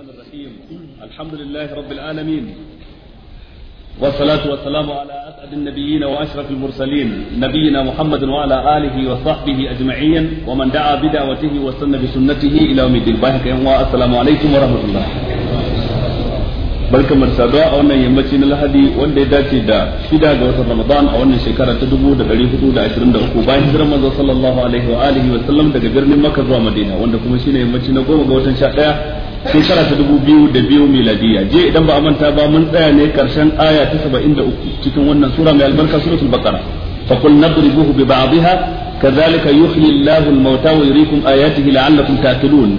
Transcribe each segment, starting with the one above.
الرحمن الرحيم الحمد لله رب العالمين والصلاة والسلام على أسعد النبيين وأشرف المرسلين نبينا محمد وعلى آله وصحبه أجمعين ومن دعا بدعوته واستنى بسنته إلى يوم الدين باهك السلام عليكم ورحمة الله barkan mu saduwa a wannan yammaci na lahadi wanda ya dace da shida ga watan ramadan a wannan shekara ta dubu da dari hudu da ashirin da uku bayan hijirar manzo sallallahu alaihi wa alihi wa sallam daga birnin makka zuwa madina wanda kuma shine yammaci na goma ga watan sha daya shekara ta dubu biyu da biyu miladiya je idan ba a manta ba mun tsaya ne karshen aya ta saba'in da uku cikin wannan sura mai albarka suratul baqara fa qul nadribuhu bi ba'dihha kadhalika yuhyi Allahu al-mauta wa yuriikum ayatihi la'allakum ta'qilun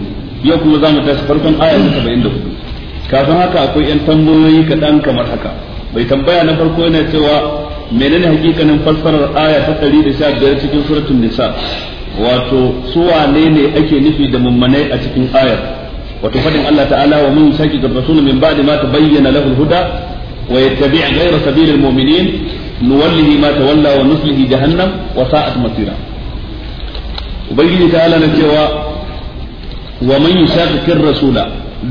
yau kuma zamu tashi farkon aya ta saba'in da hudu kafin haka akwai yan tambayoyi kaɗan kamar haka bai tambaya na farko yana cewa menene hakikanin fassarar aya ta ɗari da sha biyar cikin suratul nisa wato su wane ne ake nufi da mummanai a cikin ayar wato fadin Allah ta'ala wa mun shaki ga rasul min ba'di ma tabayyana lahu huda wa yattabi' ghayra sabil al nuwallihi ma tawalla wa nuslihi jahannam wa sa'at masira ubangiji ta'ala na cewa wa man yushaqiqi rasula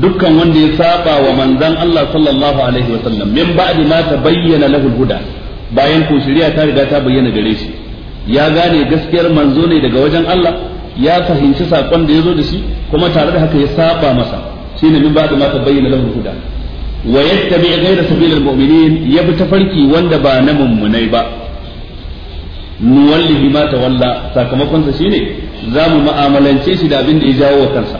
dukkan wanda ya saba wa manzan Allah sallallahu alaihi wa sallam min ba'di ma tabayyana lahu al-huda bayan ko shari'a ta riga ta bayyana gare shi ya gane gaskiyar manzo ne daga wajen Allah ya fahimci sakon da ya zo da shi kuma tare da haka ya saba masa shi ne min ba da mata bayyana lahul huda wa yattabi ghayra sabilil mu'minin ya bi tafarki wanda ba na mummunai ba nuwallihi ma ta walla sakamakonsa shine zamu ma'amalance shi da abin da ya jawo wa kansa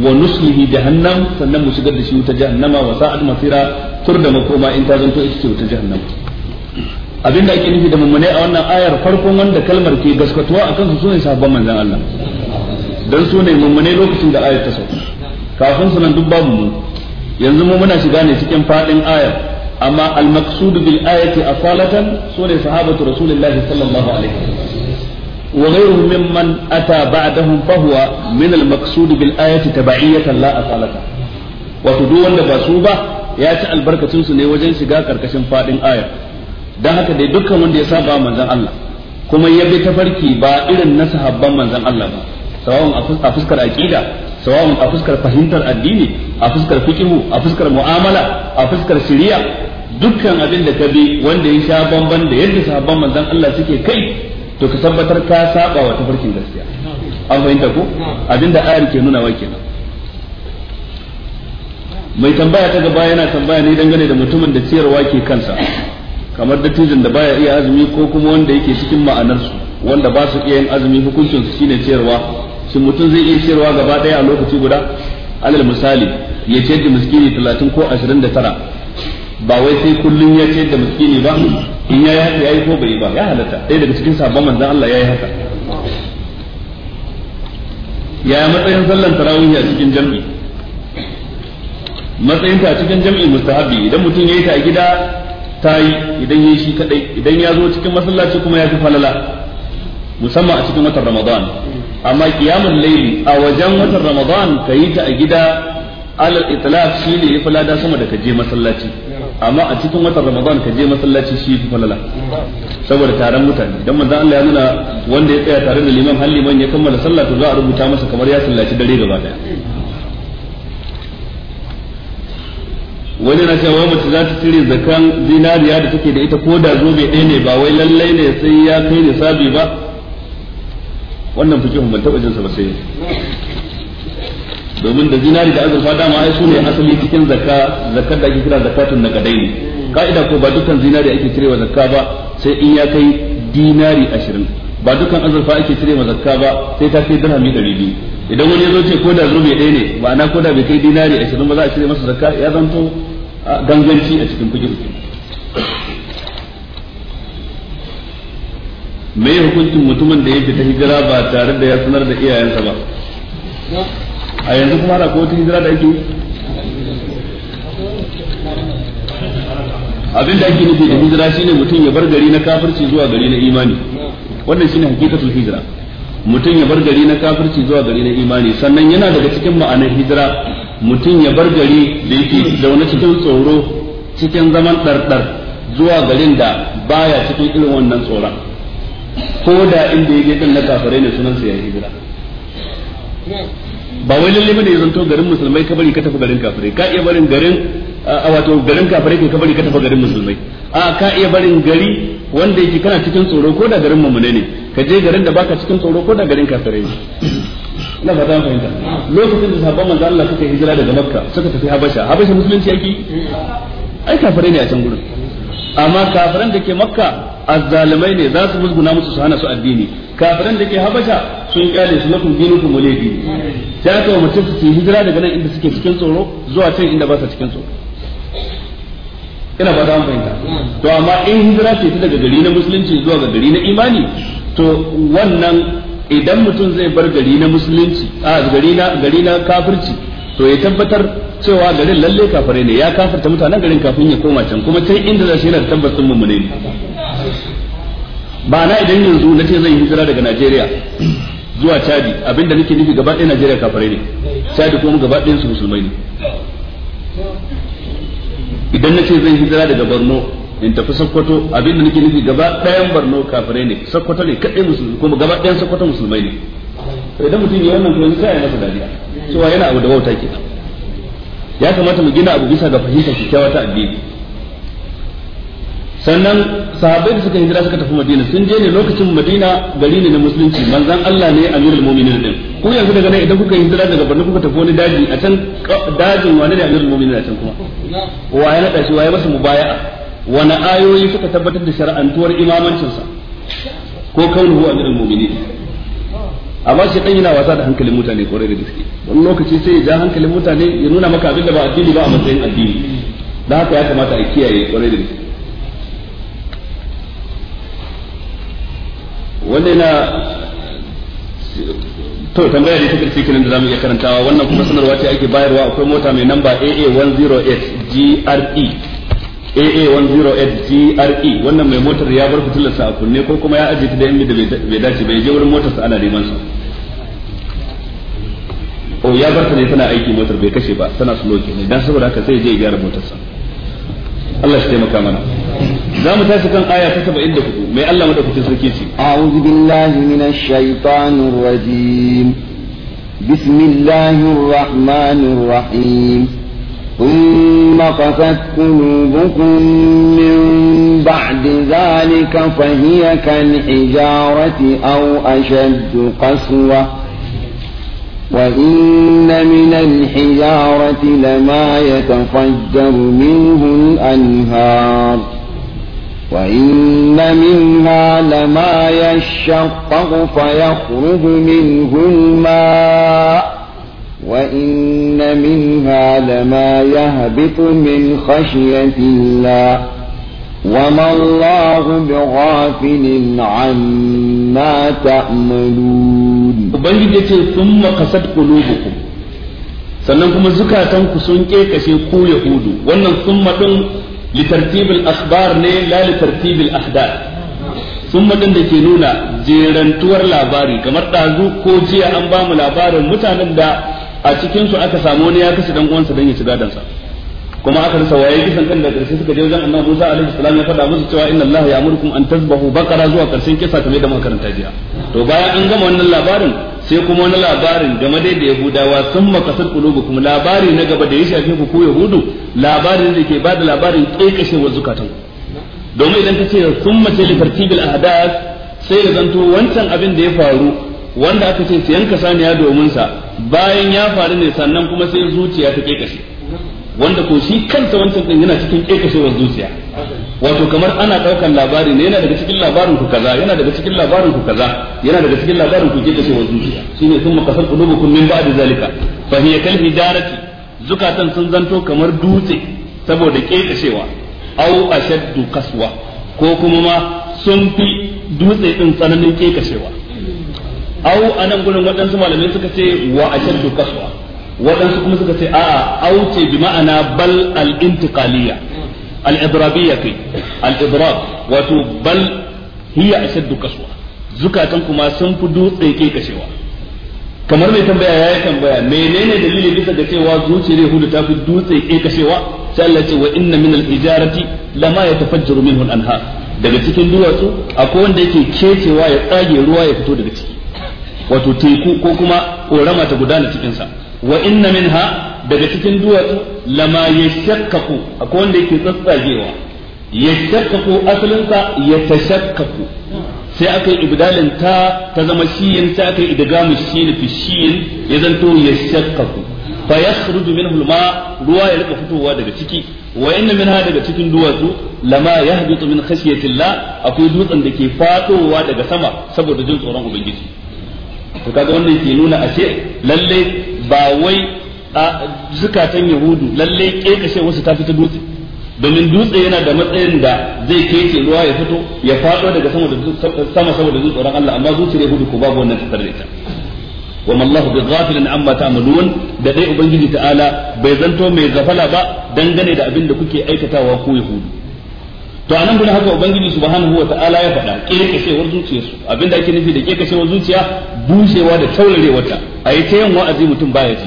wa nuslihi jahannam sannan mu shigar da shi wuta jahannama wa sa'ad masira tur da makoma in ta zanto ita ce wuta jahannama abinda ake nufi da mummunai a wannan ayar farkon wanda kalmar ke gaskatuwa a kansu ne sahabban manzan Allah su ne mummune lokacin da ayar ta sauka kafin sunan nan duk babu mu yanzu mu muna shiga ne cikin fadin ayar amma al-maqsud bil ayati asalatan sune sahabatu rasulullahi sallallahu alaihi bil ayati أتى بعدهم فهو من المقصود wanda ba su ba ya ci albarkacin su ne wajen shiga karkashin fadin ayar. dan haka dai dukkan wanda ya saba manzon Allah kuma ya bi tafarki ba irin na sahabban manzon Allah ba sawa'un a fuskar aqida sawa'un a fuskar fahimtar addini a fuskar fiqhu a fuskar mu'amala a fuskar shari'a dukkan abin da ka bi wanda ya sha bamban da yadda sahabban manzon Allah suke kai to ka tabbatar ka saba wa tafarkin gaskiya an fahimta ko abinda ayar ke nuna wa kenan mai tambaya ta gaba yana tambaya ne dangane da mutumin da ciyarwa ke kansa kamar dattijan da baya iya azumi ko kuma wanda yake cikin ma'anarsu wanda ba su iya yin azumi hukuncin su shine ciyarwa shin mutum zai iya ciyarwa gaba daya a lokaci guda alal misali ya ce da miskini 30 ko 29 ba wai sai kullun ya ce da miskini ba in ya yi ya yi ko bai ba ya halatta dai daga cikin sabon manzon Allah ya yi haka ya matsayin sallan tarawih a cikin jami'i matsayin ta cikin jami'i mustahabi idan mutum ya yi ta a gida ta yi idan ya shi kadai idan ya zo cikin masallaci kuma ya fi falala musamman a cikin watan ramadan amma qiyamul layli a wajen watan ramadan kayi ta a gida alal itlaq ne ya falada sama da kaje masallaci amma a cikin watan ramadan ka je masallaci shi fi falala saboda taron mutane idan manzo Allah ya nuna wanda ya tsaya tare da liman halliman ya kammala sallah to za a rubuta masa kamar ya sallaci dare gaba daya wani na cewa mace za ta cire zakan zinariya da take da ita ko da zobe ɗaya ne ba wai lallai ne sai ya kai sabi ba wannan fikihun ban taɓa jinsa ba sai domin da zinari da azurfa dama ai su ne asali cikin zakka zakkar da ake kira zakatun na kadai ne ka'ida ko ba dukkan zinari ake wa zakka ba sai in ya kai dinari ashirin ba dukkan azurfa ake cirewa zakka ba sai ta kai dirhami ɗari biyu idan wani ya zo ce ko da zurbe ɗaya ne ma'ana ko da bai kai dinari ashirin ba za a cire masa zakka ya zanto ganganci a cikin kujin me ya hukuncin mutumin da yake ta hijira ba tare da ya sanar da iyayensa ba a yanzu kuma ana kowace hijira da ake abin da ake nufi da hijira shine mutum ya bar gari na kafirci zuwa gari na imani wannan shine hakikatul hijira mutum ya bar gari na kafirci zuwa gari na imani sannan yana daga cikin ma'anar hijira mutum ya bar gari da yake zaune cikin tsoro cikin zaman ɗarɗar zuwa garin da baya cikin irin wannan tsoron ko da inda yake ɗin na kafirai ne sunan sa ya hijira ba wai lalle bane zanto garin musulmai ka bari ka tafi garin kafirai ka iya barin garin a wato garin kafirai ka bari ka tafi garin musulmai a ka iya barin gari wanda yake kana cikin tsoro ko da garin mamune ne ka je garin da baka cikin tsoro ko da garin kafirai ne ba ta fahimta lokacin da sabon manzo Allah suka hijira daga Makka suka tafi Habasha Habasha musulunci yake ai kafirai ne a can gurin amma kafiran da ke Makka azzalimai ne za su musguna musu su hana su addini kafiran da ke Habasha sun kyale su lakum dinukum waliyi sai aka wa mutum su hijira daga nan inda suke cikin tsoro zuwa can inda ba sa cikin tsoro ina ba za mu fahimta to amma in hijira ce ta daga gari na musulunci zuwa ga gari na imani to wannan idan mutum zai bar gari na musulunci a gari na gari na kafirci to ya tabbatar cewa garin lalle kafare ne ya kafirta mutanen garin kafin ya koma can kuma can inda zai yana tabbatar sun ne ba na idan yanzu na ce zai hijira daga Najeriya zuwa Chadi abinda nake nufi gaba ɗaya Najeriya kafare ne Chadi kuma gaba ɗayan su musulmai ne idan na ce zai hijira daga Borno in tafi Sokoto abinda nake nufi gaba ɗayan Borno kafirai ne Sokoto ne kaɗai musulmi kuma gaba ɗayan Sokoto musulmai ne to idan mutum ya wannan kuma sai ya masa dariya cewa yana abu da wauta ke ya kamata mu gina abu bisa ga fahimtar kyakkyawa ta addini sannan sahabbai da suka hijira suka tafi Madina sun je ne lokacin Madina gari ne na musulunci manzon Allah ne amirul mu'minin din ko yanzu daga nan idan kuka yi hijira daga barna kuka tafi wani daji a can dajin wani ne Amirul Mu'minin a can kuma wa ya nada shi wa ya masa mubaya'a wani ayoyi suka tabbatar da shar'antuwar sa. ko kaunuhu Amirul Mu'minin amma shi dan yana wasa da hankalin mutane kwarai da gaske wani lokaci sai ya ja hankalin mutane ya nuna maka abin da ba addini ba a matsayin addini da haka ya kamata a kiyaye kwarai da gaske wannan yana to tambaya ne ta karshe kenan da zamu iya karantawa wannan kuma sanarwa ce ake bayarwa akwai mota mai namba AA108 GRE AA108 GRE wannan mai motar ya bar sa a kunne ko kuma ya ajiye ta da inda bai dace bai je wurin motarsa ana neman sa o oh, ya bar ta ne tana aiki motar bai kashe ba tana slow kenan dan saboda haka sai je ya gyara motarsa Allah shi taimaka mana za mu tashi kan aya ta 74 mai Allah madaukakin sarki ce a'udhu billahi minash shaitanir rajim bismillahir rahmanir rahim ثم قست قلوبكم من بعد ذلك فهي كالحجارة أو أشد قسوة وإن من الحجارة لما يتفجر منه الأنهار وإن منها لما يشقق فيخرج منه الماء وإن منها لما يهبط من خشية الله وما الله بغافل عما تأملون وبنجد ثم قصد قلوبكم sannan kuma zukatanku sun kekashe ku yahudu wannan summa din لترتيب الأخبار ne لا لترتيب الأحداث sun da ke nuna jerantuwar labari kamar ɗazu ko jiya an ba mu labarin mutanen da a cikinsu aka samu wani ya kashe dan uwansa dan ya ci sa kuma aka rasa waye kisan kan da karshe suka je wajen annabi Musa alaihi salam ya faɗa musu cewa inna Allah ya'murukum an tazbahu baqara zuwa karshen kisa kamar da muka jiya to bayan an gama wannan labarin sai kuma wani labarin game dai da yahudawa sun makasar kulubu kuma labari na gaba da ya shafi ku ko yahudu labarin da ke bada labarin wa zukatan domin idan ka ce sun mace litartibil ahdath sai ya zanto wancan abin da ya faru wanda aka ce yanka saniya domin sa bayan ya faru ne sannan kuma sai zuciya ta kekashe wanda ko shi kansa wancan din yana cikin kekashewar zuciya wato kamar ana daukan labari ne yana daga cikin labarin ku kaza yana daga cikin labarin ku kaza yana daga cikin labarin ku kekashewar zuciya shine sun makasar qulubukum min ba'di zalika fa hiya kal hijarati zukatan sun zanto kamar dutse saboda kekashewa au ashaddu qaswa ko kuma ma sun fi dutse din tsananin kekashewa au anan gurin waɗansu malamai suka ce wa ashaddu qaswa waɗansu kuma suka ce a'a auce bi ma'ana bal al-intiqaliyya al-idrabiyya kai al-idrab wato bal hiya ashaddu kaswa zukatan kuma sun fi dutse ke kashewa kamar mai tambaya yayi tambaya menene dalili bisa ga cewa zuciyar hudu ta fi dutse ke kashewa sai Allah ce wa inna min al-ijarati lama yatafajjaru minhu al-anhar daga cikin duwatsu akwai wanda yake kecewa ya tsage ruwa ya fito daga ciki wato teku ko kuma korama ta gudana cikin sa wa inna minha daga cikin duwatsu lama yashaqqaqu akwai wanda yake tsatsagewa yashaqqaqu asalinsa yatashaqqaqu sai aka yi ibdalin ta ta zama shiyin sai aka yi idgamu shiyin fi shiyin ya zanto yashaqqaqu fa yakhruju minhu alma ruwa ya rika fitowa daga ciki wa inna minha daga cikin duwatsu lama yahbitu min khashyati llah akwai dutsen da ke fatowa daga sama saboda jin tsoron ubangiji to kaga wannan ke nuna a ce lalle ba wai zukatan yahudu lalle kekashe wasu ta fita dutse domin dutse yana da matsayin da zai kece ruwa ya fito ya fado daga sama da sama saboda ran Allah amma zuciyar yahudu ko babu wannan tsare ta wa mallahu bi ghafilin amma ta'malun da dai ubangiji ta'ala bai zanto mai gafala ba dangane da abin da kuke aikatawa ko yahudu to anan gurin haka ubangiji subhanahu wa ta'ala ya faɗa kirkasewar zuciyarsu abinda ake nufi da kirkasewar zuciya bushewa da taurarewarta a yi ta yin wa'azi mutum baya ji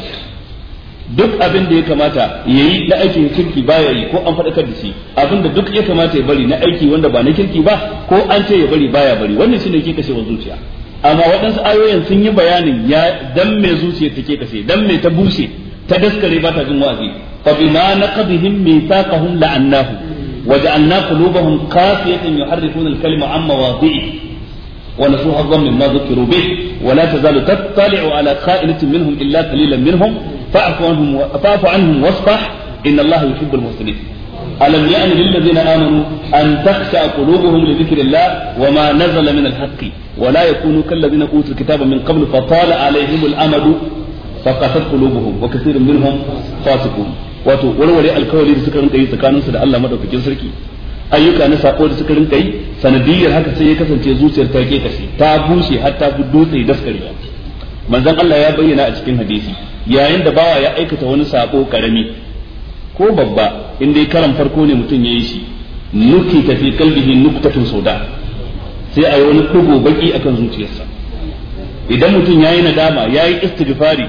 duk abinda ya kamata ya yi na aikin kirki baya yi ko an faɗakar da shi abin da duk ya kamata ya bari na aiki wanda ba na kirki ba ko an ce ya bari baya bari wannan shine kirkasewar zuciya amma waɗansu ayoyin sun yi bayanin ya dan mai zuciya take kase dan mai ta bushe ta daskare ba ta jin wa'azi fa bima naqadihim mithaqahum la'annahu وجعلنا قلوبهم قاسية يحرفون الكلم عن مواضعه ونسوا حظا مما ذكروا به ولا تزال تطلع على خائنة منهم إلا قليلا منهم فاعف عنهم فاعف عنهم واصفح إن الله يحب المحسنين ألم يأن للذين آمنوا أن تخشع قلوبهم لذكر الله وما نزل من الحق ولا يكونوا كالذين أوتوا الكتاب من قبل فطال عليهم الأمد فقست قلوبهم وكثير منهم فاسقون wato warware alkawari da suka rinka yi tsakaninsu da Allah madaukakin sarki ayyuka na sako da suka rinka yi sanadiyar haka sai ya kasance zuciyar ta kekashe ta bushe har ta fi dutse daskarewa manzon Allah ya bayyana a cikin hadisi yayin da bawa ya aikata wani sako karami ko babba in dai karan farko ne mutum ya yi shi nuki ta fi kalbihi nuktatun sauda sai a yi wani kogo baki akan zuciyarsa idan mutum ya yi nadama ya yi istighfari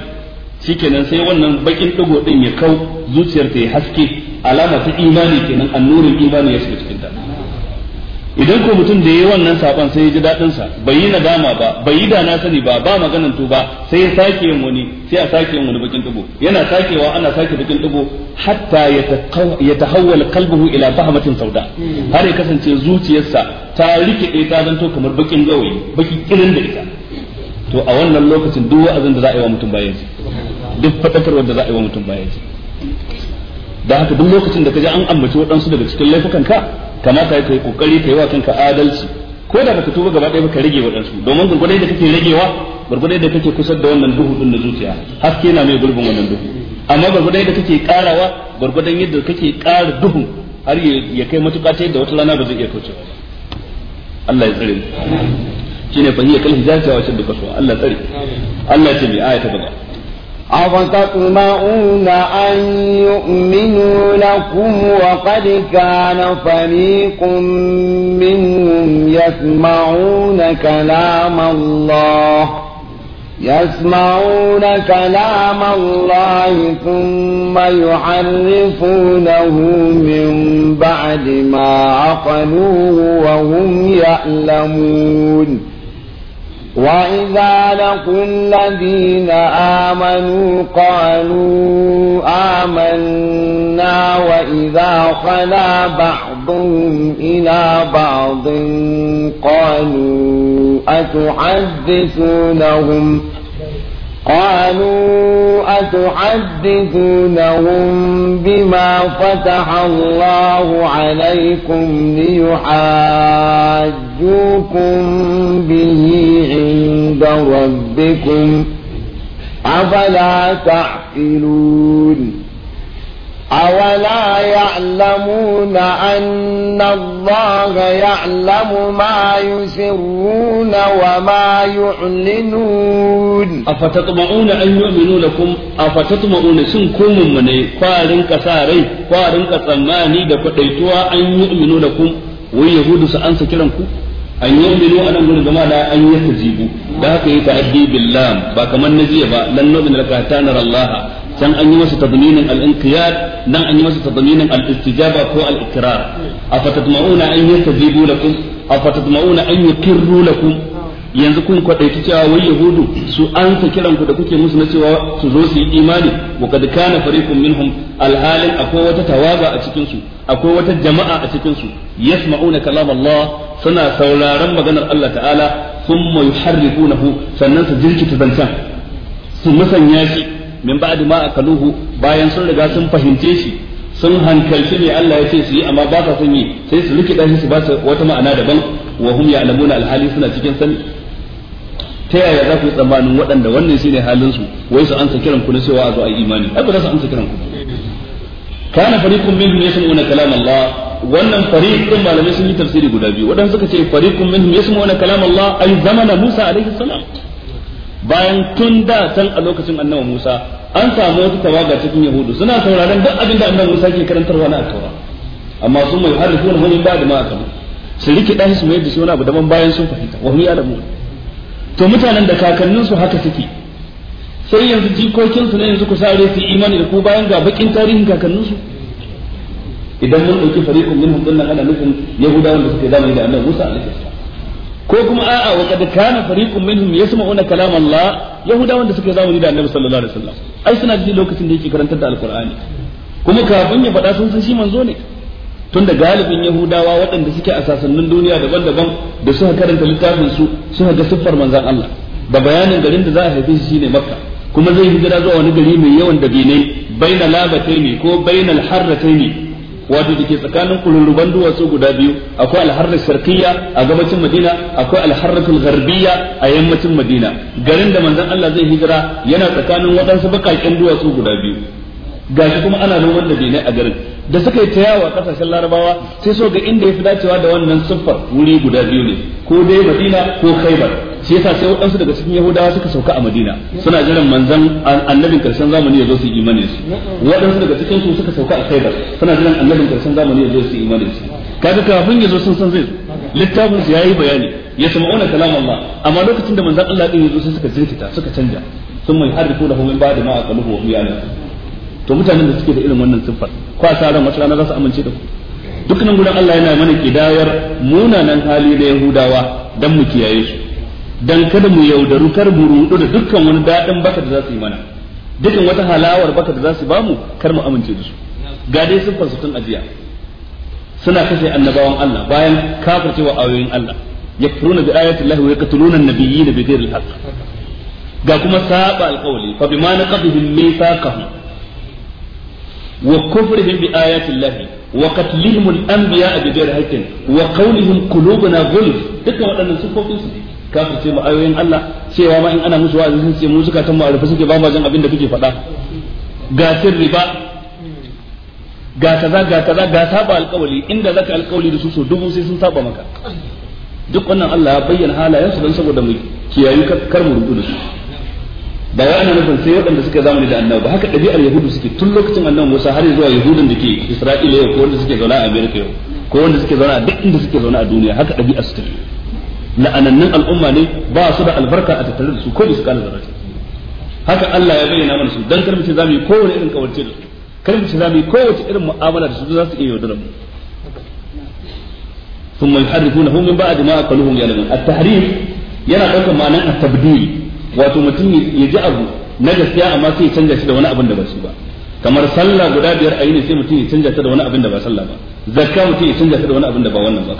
shikenan sai wannan bakin digo din ya kau zuciyar ta ya haske alama ta imani kenan annurin imani ya shiga cikin ta idan ko mutum da yi wannan saban sai ya ji dadin sa bai yi nadama ba bai yi da na sani ba ba maganan to ba sai ya sake yin wani sai a sake yin wani bakin digo yana sakewa ana sake bakin digo hatta ya tahawwala qalbuhu ila fahmatin sauda har ya kasance zuciyarsa ta rikide ta zanto kamar bakin gawayi baki kirin da ita to a wannan lokacin duk wa'azin da za a yi wa mutum bayan shi duk fadakarwar da za a yi wa mutum baya ji da haka duk lokacin da ka ji an ambaci waɗansu daga cikin laifukan ka kamata ka yi kokari ka yi wa kanka adalci ko da baka tuba gaba ɗaya baka rage waɗansu domin gurgurai da kake ragewa gurgurai da kake kusa da wannan duhu din na zuciya haske na mai gurbin wannan duhu amma gurgurai da kake karawa gurgurai yadda kake karar duhu har ya kai matuƙa ta yadda wata rana ba zai iya kaucewa Allah ya tsare mu shine fa hiya kal hijazati wa shaddu qaswa Allah tsare Allah ya ce bi ayata gaba أفتطمعون أن يؤمنوا لكم وقد كان فريق منهم يسمعون كلام الله يسمعون كلام الله ثم يحرفونه من بعد ما عقلوه وهم يعلمون وإذا لقوا الذين آمنوا قالوا آمنا وإذا خلا بعضهم إلى بعض قالوا أتحدثونهم قالوا أتحدثونهم بما فتح الله عليكم ليحاجوكم به عند ربكم أفلا تعقلون أولا يعلمون أن الله يعلم ما يسرون وما يعلنون أفتطمعون أن يؤمنوا لكم أفتطمعون سنكم من فارن كساري فارن كسماني دفتيتوا أن يؤمنوا لكم ويهود سأنسى كرمكم أن يؤمنوا أن a nan لا أن da an yi tajibu da haka yi ta'addi billam ba kamar na can an yi masa tadminin al-inqiyad nan an yi masa tadminin al-istijaba ko al-ikrar afatatma'una an yastajibu lakum afatatma'una an yuqirru lakum yanzu kun kwadaita cewa wai yahudu su an ta kiran ku da kuke musu na cewa su zo su yi imani wa kad kana fariqun minhum al-halin akwai wata tawaga a cikin su akwai wata jama'a a cikin su yasma'una kalam Allah suna sauraron maganar Allah ta'ala thumma yuharrifunahu sannan su jirkita zancan su musanya shi min ba'di ma akaluhu bayan sun riga sun fahimce shi sun hankalci ne Allah ya ce su yi amma ba sa son yi sai su rike shi su ba su wata ma'ana daban wa hum ya'lamuna alhali suna cikin sani ta yaya za ku yi tsammanin waɗanda wannan shine halin su wai su ansa kiran ku na cewa a zo a imani ai ba za su amsa kiran ku kana fariqun minhum yasma'una kalam Allah wannan fariq din malamai sun yi tafsiri guda biyu wadan suka ce fariqun minhum yasma'una kalam Allah ay zamana Musa alaihi salam bayan tun da san a lokacin annabi Musa an samu wata tawaga cikin Yahudu suna sauraron duk abin da annabi Musa ke karantarwa na alkawara amma sun mai harifun wani ba da aka su riki dan su mai da shi wani abu daban bayan sun fahimta wa hum ya'lamu to mutanen da kakannin su haka suke sai yanzu jikokin su ne yanzu ku sare su imani da ku bayan ga bakin tarihin kakannin su idan mun dauki fariqun minhum dinnan ana nufin yahudawan da suke zamani da annabi Musa alaihi ko kuma a'a wa kad kana fariqun minhum yasma'una kalam Allah Yahudawa da suka zamani da Annabi sallallahu alaihi wasallam ai suna ji lokacin da yake karantar da alqur'ani kuma kafin ya faɗa sun san shi manzo ne tunda galibin yahudawa waɗanda suke a sasannin duniya daban-daban da suka karanta littafin su suka ga siffar manzon Allah da bayanin garin da za a haife shi shine makka kuma zai hijira zuwa wani gari mai yawan dabinai bainal labataini ko bainal harrataini wato dake tsakanin kururruban duwatsu guda biyu akwai alharra sharqiyya a gabacin madina akwai alharratul Garbiya a yammacin madina garin da manzon Allah zai hijira yana tsakanin waɗansu bakakin duwatsu guda biyu gashi kuma ana noman da bene a garin da suka yi ta yawa kasashen larabawa sai so ga inda ya fi dacewa da wannan siffar wuri guda biyu ne ko dai madina ko khaibar shi yasa sai waɗansu daga cikin yahudawa suka sauka a madina suna jiran manzan annabin karshen zamani ya zo su imani su waɗansu daga cikin su suka sauka a khaibar suna jiran annabin karshen zamani ya zo su imani su kaga kafin ya zo sun san zai littafin su yayi bayani ya sama'una kalam Allah amma lokacin da manzan Allah din ya zo sai suka jinkita suka canja sun mai harifu da ba ba'da ma aqaluhu wa miyana to mutanen da suke da irin wannan siffar ko a sa wata rana za su amince da ku dukkanin gudan Allah yana mana kidayar munanan hali da Yahudawa dan mu kiyaye su dan kada mu yaudaru kar mu rudu da dukkan wani dadin baka da za su yi mana dukkan wata halawar baka da za su bamu kar mu amince da su ga dai sun tun ajiya suna kashe annabawan Allah bayan kafircewa ayoyin Allah yakfuruna bi ayati Allah wa yaqtuluna an-nabiyyin bi ghairi al-haqq ga kuma saba alqawli fa bima naqadhu mithaqahum wa kufrihim bi ayati Allah wa qatlihim al-anbiya bi ghairi haqqin wa qawlihim qulubuna ghulf dukkan waɗannan sufofin su kafir ce ma ayoyin Allah cewa ma in ana musu wa'azi sun ce mu suka tan arfa suke ba ma jin abin da kuke faɗa ga sirri ba ga kaza ga kaza ga saba alƙawali inda zaka alƙawali da su so dubu sai sun saba maka duk wannan Allah ya bayyana halayen su don saboda mu kiyayu kar mu rubu da su ba wai ana nufin sai waɗanda suka zamani da annabi ba haka ɗabi'ar yahudu suke tun lokacin annabi Musa har zuwa yahudun da ke Isra'ila yau ko wanda suke zauna a America yau ko wanda suke zauna a duk inda suke zauna a duniya haka ɗabi'ar su take la'anannun al'umma ne ba su da albarka a tattare da su ko su kana zarra haka Allah ya bayyana mana su dan za mu yi kowane irin kawarce da su za mu yi kowace irin mu'amala da su za su iya yaudarar mu ثم يحرفونه من بعد ما أقلوهم يعلمون التحريف yana ɗaukar ma'anar a tabdil wato mutum ya ji abu na gaskiya amma sai ya canja da wani abin da ba shi ba kamar sallah guda biyar a yi ne sai mutum ya canja ta da wani da ba sallah ba zakka mutum ya canja ta da wani da ba wannan ba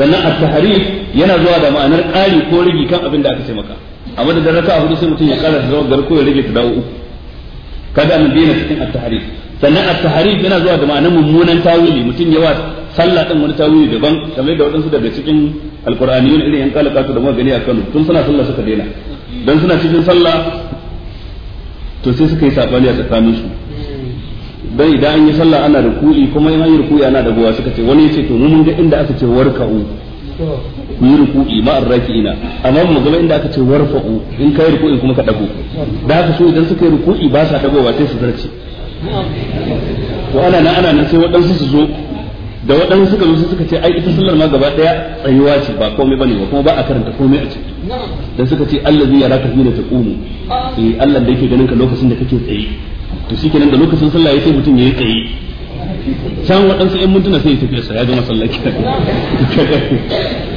sannan a tahrif yana zuwa da ma'anar ƙari ko rigi kan abin da aka ce maka a madadin a hudu sai mutum ya ƙara da zawar garko ya rage ta dawo uku kada mu daina cikin a tahrif sannan attahari tahrif yana zuwa da ma'anar mummunan tawili mutum ya wa sallah din wani tawili daban kamar da waɗansu daga cikin alqur'aniyun irin yan kalakatu da gani a Kano tun suna sallah suka daina dan suna cikin sallah to sai suka yi sabani a tsakaninsu bai da an yi sallah ana ruku'i kuma in an yi ruku'i ana guwa suka ce wani ya ce to mun ga inda aka ce warka'u ku yi ruku'i ma ina amma mu zama inda aka ce warfa'u in yi ruku'i kuma ka dago da haka so idan suka yi ruku'i ba sa ba sai su zarce to ana nan ana nan sai waɗansu su zo da waɗansu suka zo suka ce ai ita sallar ma gaba ɗaya tsayuwa ce ba komai bane ba kuma ba a karanta komai a ciki dan suka ce allazi yaraka hina taqumu eh Allah da yake ganin ka lokacin da kake tsaye to shi kenan da lokacin sallah ya sai mutum ya yi tsaye can waɗansu ‘yan mintuna sai ya tafi sa ya zama sallah kira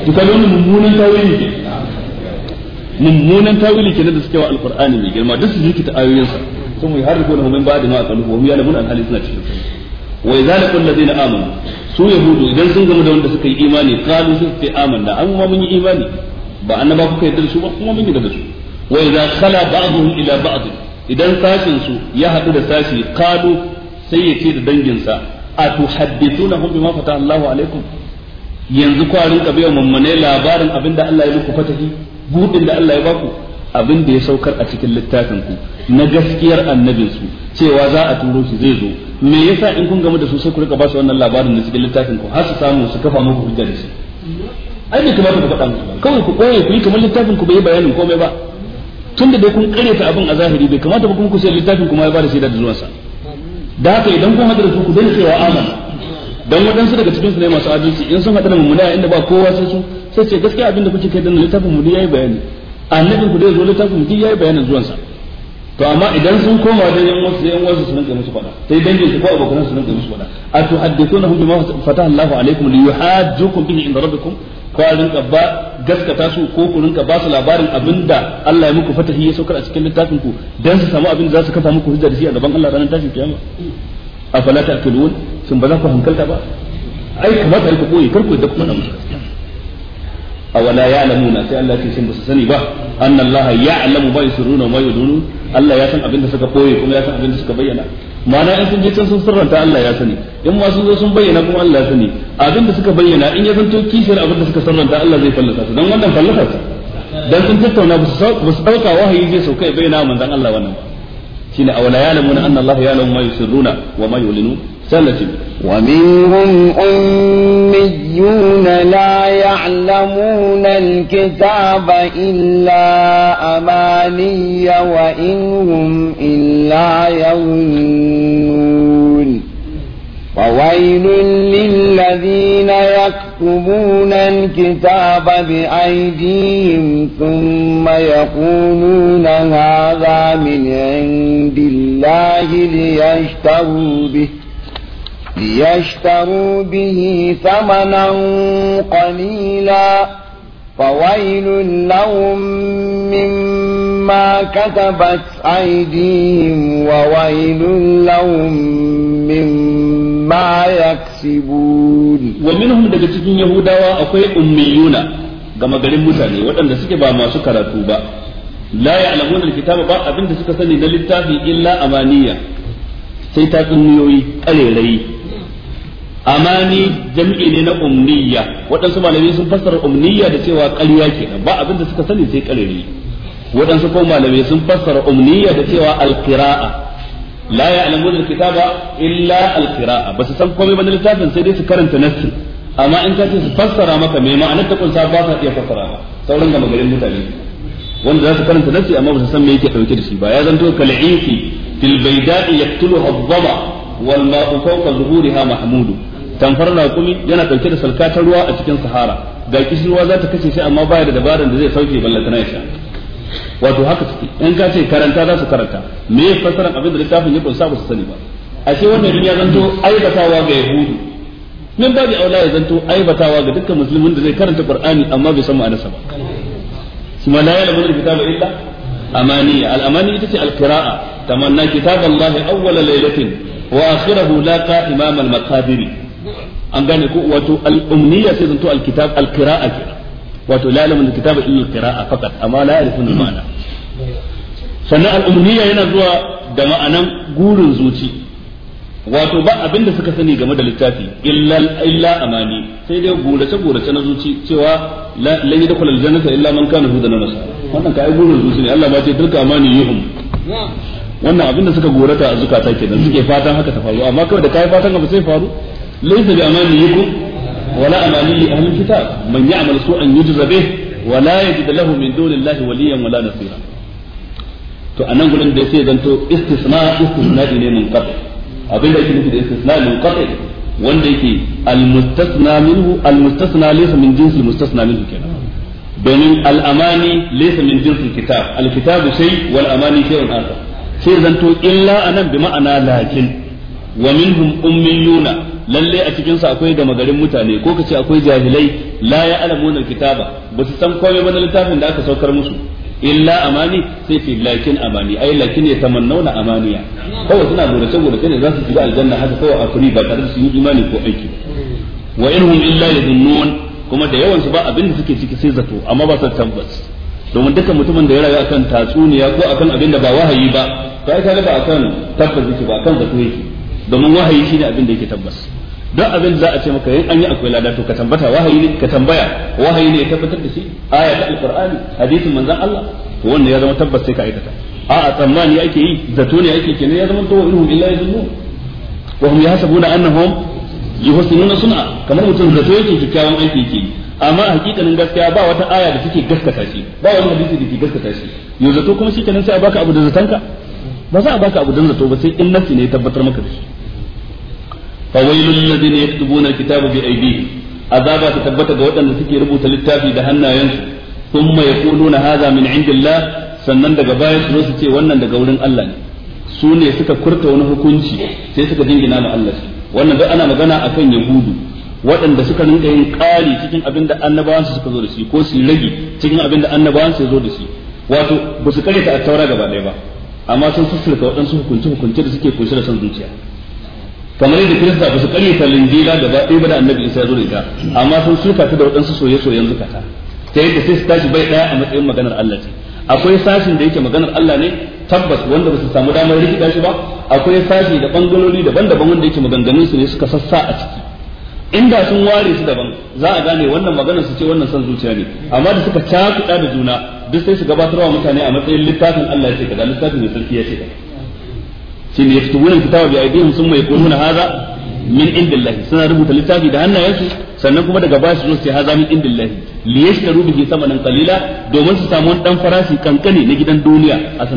to ka wani mummunan tawili ke mummunan tawili ke da suke wa alqur'ani mai girma duk su jikita ayoyinsa sun mu harrifu na min ba'da ma aqalu wa hum ya'lamun an hali suna cikin wa idza laqul ladina amanu su yahudu idan sun gama da wanda suka yi imani qalu sun fi amanna an ma mun yi imani ba annaba kuka yarda da su ba kuma mun yi da su wa idza khala ba'dhum ila ba'd idan sashin su ya haɗu da sashi kadu sai ya ce da danginsa atuhaddithuna hum bima fata Allahu alaikum yanzu ku rinka bai mummune labarin abin da Allah ya muku fatahi gudin da Allah ya baku abin da ya saukar a cikin littafin ku na gaskiyar annabin su cewa za a turo shi zai zo me yasa in kun gamu da su sai ku rika ba su wannan labarin na cikin littafin ku har su samu su kafa muku hujja da shi ai ne kuma ku faɗa musu kawai ku koye ku yi kamar littafin ku bai bayanin komai ba tunda dai kun karyata abin a zahiri bai kamata ba kuma ku sai littafin kuma ya bada shaida da zuwansa da haka idan kun hadar su ku dan cewa aman dan wadansu daga cikin su ne masu adalci in sun hadar mummuna inda ba kowa sai su sai ce gaskiya abin da kuke kai dan littafin mu yayi bayani annabin ku dai zo littafin mu yayi bayanin zuwansa to amma idan sun koma da yan wasu yan wasu sun ga musu fada sai dangin su ko abokan su ga musu faɗa hum bima fataha Allahu alaikum liyuhajjukum bihi inda rabbikum ko a rinka ba gaskata su ko ku rinka ba su labarin abinda Allah ya muku fatahi ya saukar a cikin littafin ku dan su samu abin da za su kafa muku hujja da shi a gaban Allah ranar tashin kiyama afala ta'qilun sun ba za ku hankalta ba ai kuma ai ku koyi kar ku da kuma nan awala ya'lamuna sai Allah ce sun ba su sani ba anna Allah ya'lamu ma yusirruna wa ma yudunun Allah ya san abin da suka koyi kuma ya san abin da suka bayyana ma'ana in sun je can sun sirranta Allah ya sani in ma sun zo sun bayyana kuma Allah ya sani abin da suka bayyana in ya zanto kishiyar abin da suka sirranta Allah zai fallasa su dan wannan fallasa su dan sun tattauna ba su dauka wahayi zai sauka ya bayyana manzon Allah wannan shine awala lamuna anna Allah lamu ma yusirruna wa ma yulinu sallati ومنهم أميون لا يعلمون الكتاب إلا أماني وإنهم إلا يظنون وويل للذين يكتبون الكتاب بأيديهم ثم يقولون هذا من عند الله ليشتروا به ليشتروا به ثمنا قليلا فويل لهم مما كتبت أيديهم وويل لهم مما يكسبون ومنهم دقتكين يهودا وأخي أميون كما قال المتاني وأن نسكب ما شكر توبا لا يعلمون الكتاب با أبن سكسني للتافي إلا أمانية سيتاكم نيوي قليلي amani jam'i ne na umniya waɗansu malamai sun fassara umniya da cewa ƙarya kenan ba abin da suka sani sai ƙarari waɗansu kuma malamai sun fassara umniya da cewa alqira'a la ya'lamuna alkitaba illa alqira'a ba su san komai ba na littafin sai dai su karanta nassi amma in ka ce su fassara maka me ma'anar ta kunsa ba sa iya fassara ba sauran ga magarin mutane wanda za su karanta nassi amma ba su san me yake dauke da shi ba ya zanto kal'isi fil bayda'i yaqtuluha adh-dhama wal ma'u fawqa zuhuriha mahmudu tamfar raƙumi yana ɗauke da salka ta ruwa a cikin sahara ga kishirwa za ta kashe shi amma baya da dabaran da zai sauke ballantana na sha wato haka suke in ka ce karanta za su karanta me ya fassara abin da littafin ya kunsa ba su sani ba ashe wannan din ya zanto aibatawa ga yahudu min babu aula ya zanto aibatawa ga dukkan musulmin da zai karanta qur'ani amma bai san ma'anarsa ba kuma la ya'lamu al-kitaba illa amani al-amani ita ce al-qira'a tamanna kitaballahi awwala laylatin wa akhirahu laqa imam al-maqadiri an gane ko wato al-umniya sai zanto al-kitab al-qira'a wato la ya'lamu al kitab illa al-qira'a faqat amma la ya'rifu al-ma'na sannan al-umniya yana zuwa da ma'anan gurin zuci wato ba abinda suka sani game da littafi illa illa amani sai dai gurace gurace na zuci cewa la yadkhul al-jannata illa man kana hudan nasa wannan kai gurin zuci ne Allah ba ce tilka amani yuhum wannan abinda suka gorata a zukata kenan suke fatan haka ta faru amma kawai da kai fatan ba sai faru laysa bi amaniyikum wala amaniyi ahlul kitab man ya'mal su'an yujza bih wala yajid lahu min dunillahi waliyan wala nasira to anan gurin da sai zanto istisna istisna ne mun qat abin da yake nufi da istisna mun qat wanda yake almustasna minhu almustasna laysa min jinsi almustasna minhu kenan domin al amani laysa min jinsi alkitab alkitabu shay wal amani shay'un akhar sai zanto illa anan bi ma'ana lakin wa minhum ummiyuna lalle a cikin sa akwai gama garin mutane ko kace akwai jahilai la alamuna kitaba ba su san komai ba na littafin da aka saukar musu illa amani sai fi lakin amani ai lakin ya tamannauna amaniya kawai suna gurace gurace ne za su shiga aljanna haka kawai a kuri ba tare da su yi imani ko aiki wa inhum illa yadhunnun kuma da yawan su ba abin da suke ciki sai zato amma ba su tabbas domin dukkan mutumin da ya rayu akan tatsuniya ko akan abin da ba wahayi ba kai ka ba akan tabbas yake ba akan zato yake domin wahayi shine abin da yake tabbas don abin za a ce maka yin an yi akwai lada to ka tambata wahayi ne ka tambaya wahayi ne ya tabbatar da shi aya ta alqur'ani hadisin manzon Allah to wannan ya zama tabbas sai ka aikata a'a tsammani ake yi zato ne ake kenan ya zama to wa inhum illa yazunnu wa hum yahsabuna annahum yuhsinuna sun'a kamar mutum zato yake kikkiawan aiki yake amma hakikanin gaskiya ba wata aya da take gaskata shi ba wani hadisi da ke gaskata shi yau zato kuma shi kenan sai a baka abu da zatanka ba za a baka abu dan zato ba sai in nafsi ne tabbatar maka da shi fa wailul ladina yaktubuna alkitaba bi aydihim azaba ta tabbata ga waɗanda suke rubuta littafi da hannayensu thumma yaquluna hadha min indillah sannan daga baya su su ce wannan daga wurin Allah ne su ne suka kurta wani hukunci sai suka jingina ma Allah shi wannan duk ana magana akan yahudu waɗanda suka rinka yin ƙari cikin abin da annabawansu suka zo da shi ko su rage cikin abin da annabawansu ya zo da shi wato ba su kare ta a taura gaba ɗaya ba amma sun sassarta waɗansu hukunce hukunce da suke kunshi da son zuciya kamar yadda kirista ba su ta linjila gaba ɗaya ba da annabi isa ya zo da ita amma sun suka ta da waɗansu soye-soyen zukata ta yadda sai su tashi bai ɗaya a matsayin maganar Allah ce akwai sashin da yake maganar Allah ne tabbas wanda ba su samu damar rikida shi ba akwai sashi da bangaloli daban-daban wanda yake maganganun su ne suka sassa a ciki inda sun ware su daban za a gane wannan maganar su ce wannan son zuciya ne amma da suka cakuɗa da juna duk sai su wa mutane a matsayin littafin Allah ya ce kaza littafin mai sarki ya ce kaza shi ne wurin kitaba bi mai haza min indillahi suna rubuta littafi da hannayensu sannan kuma daga bashi zo ce haza min indillahi li yashtaru bihi samanan qalila domin su samu dan farashi kankane na gidan duniya a sa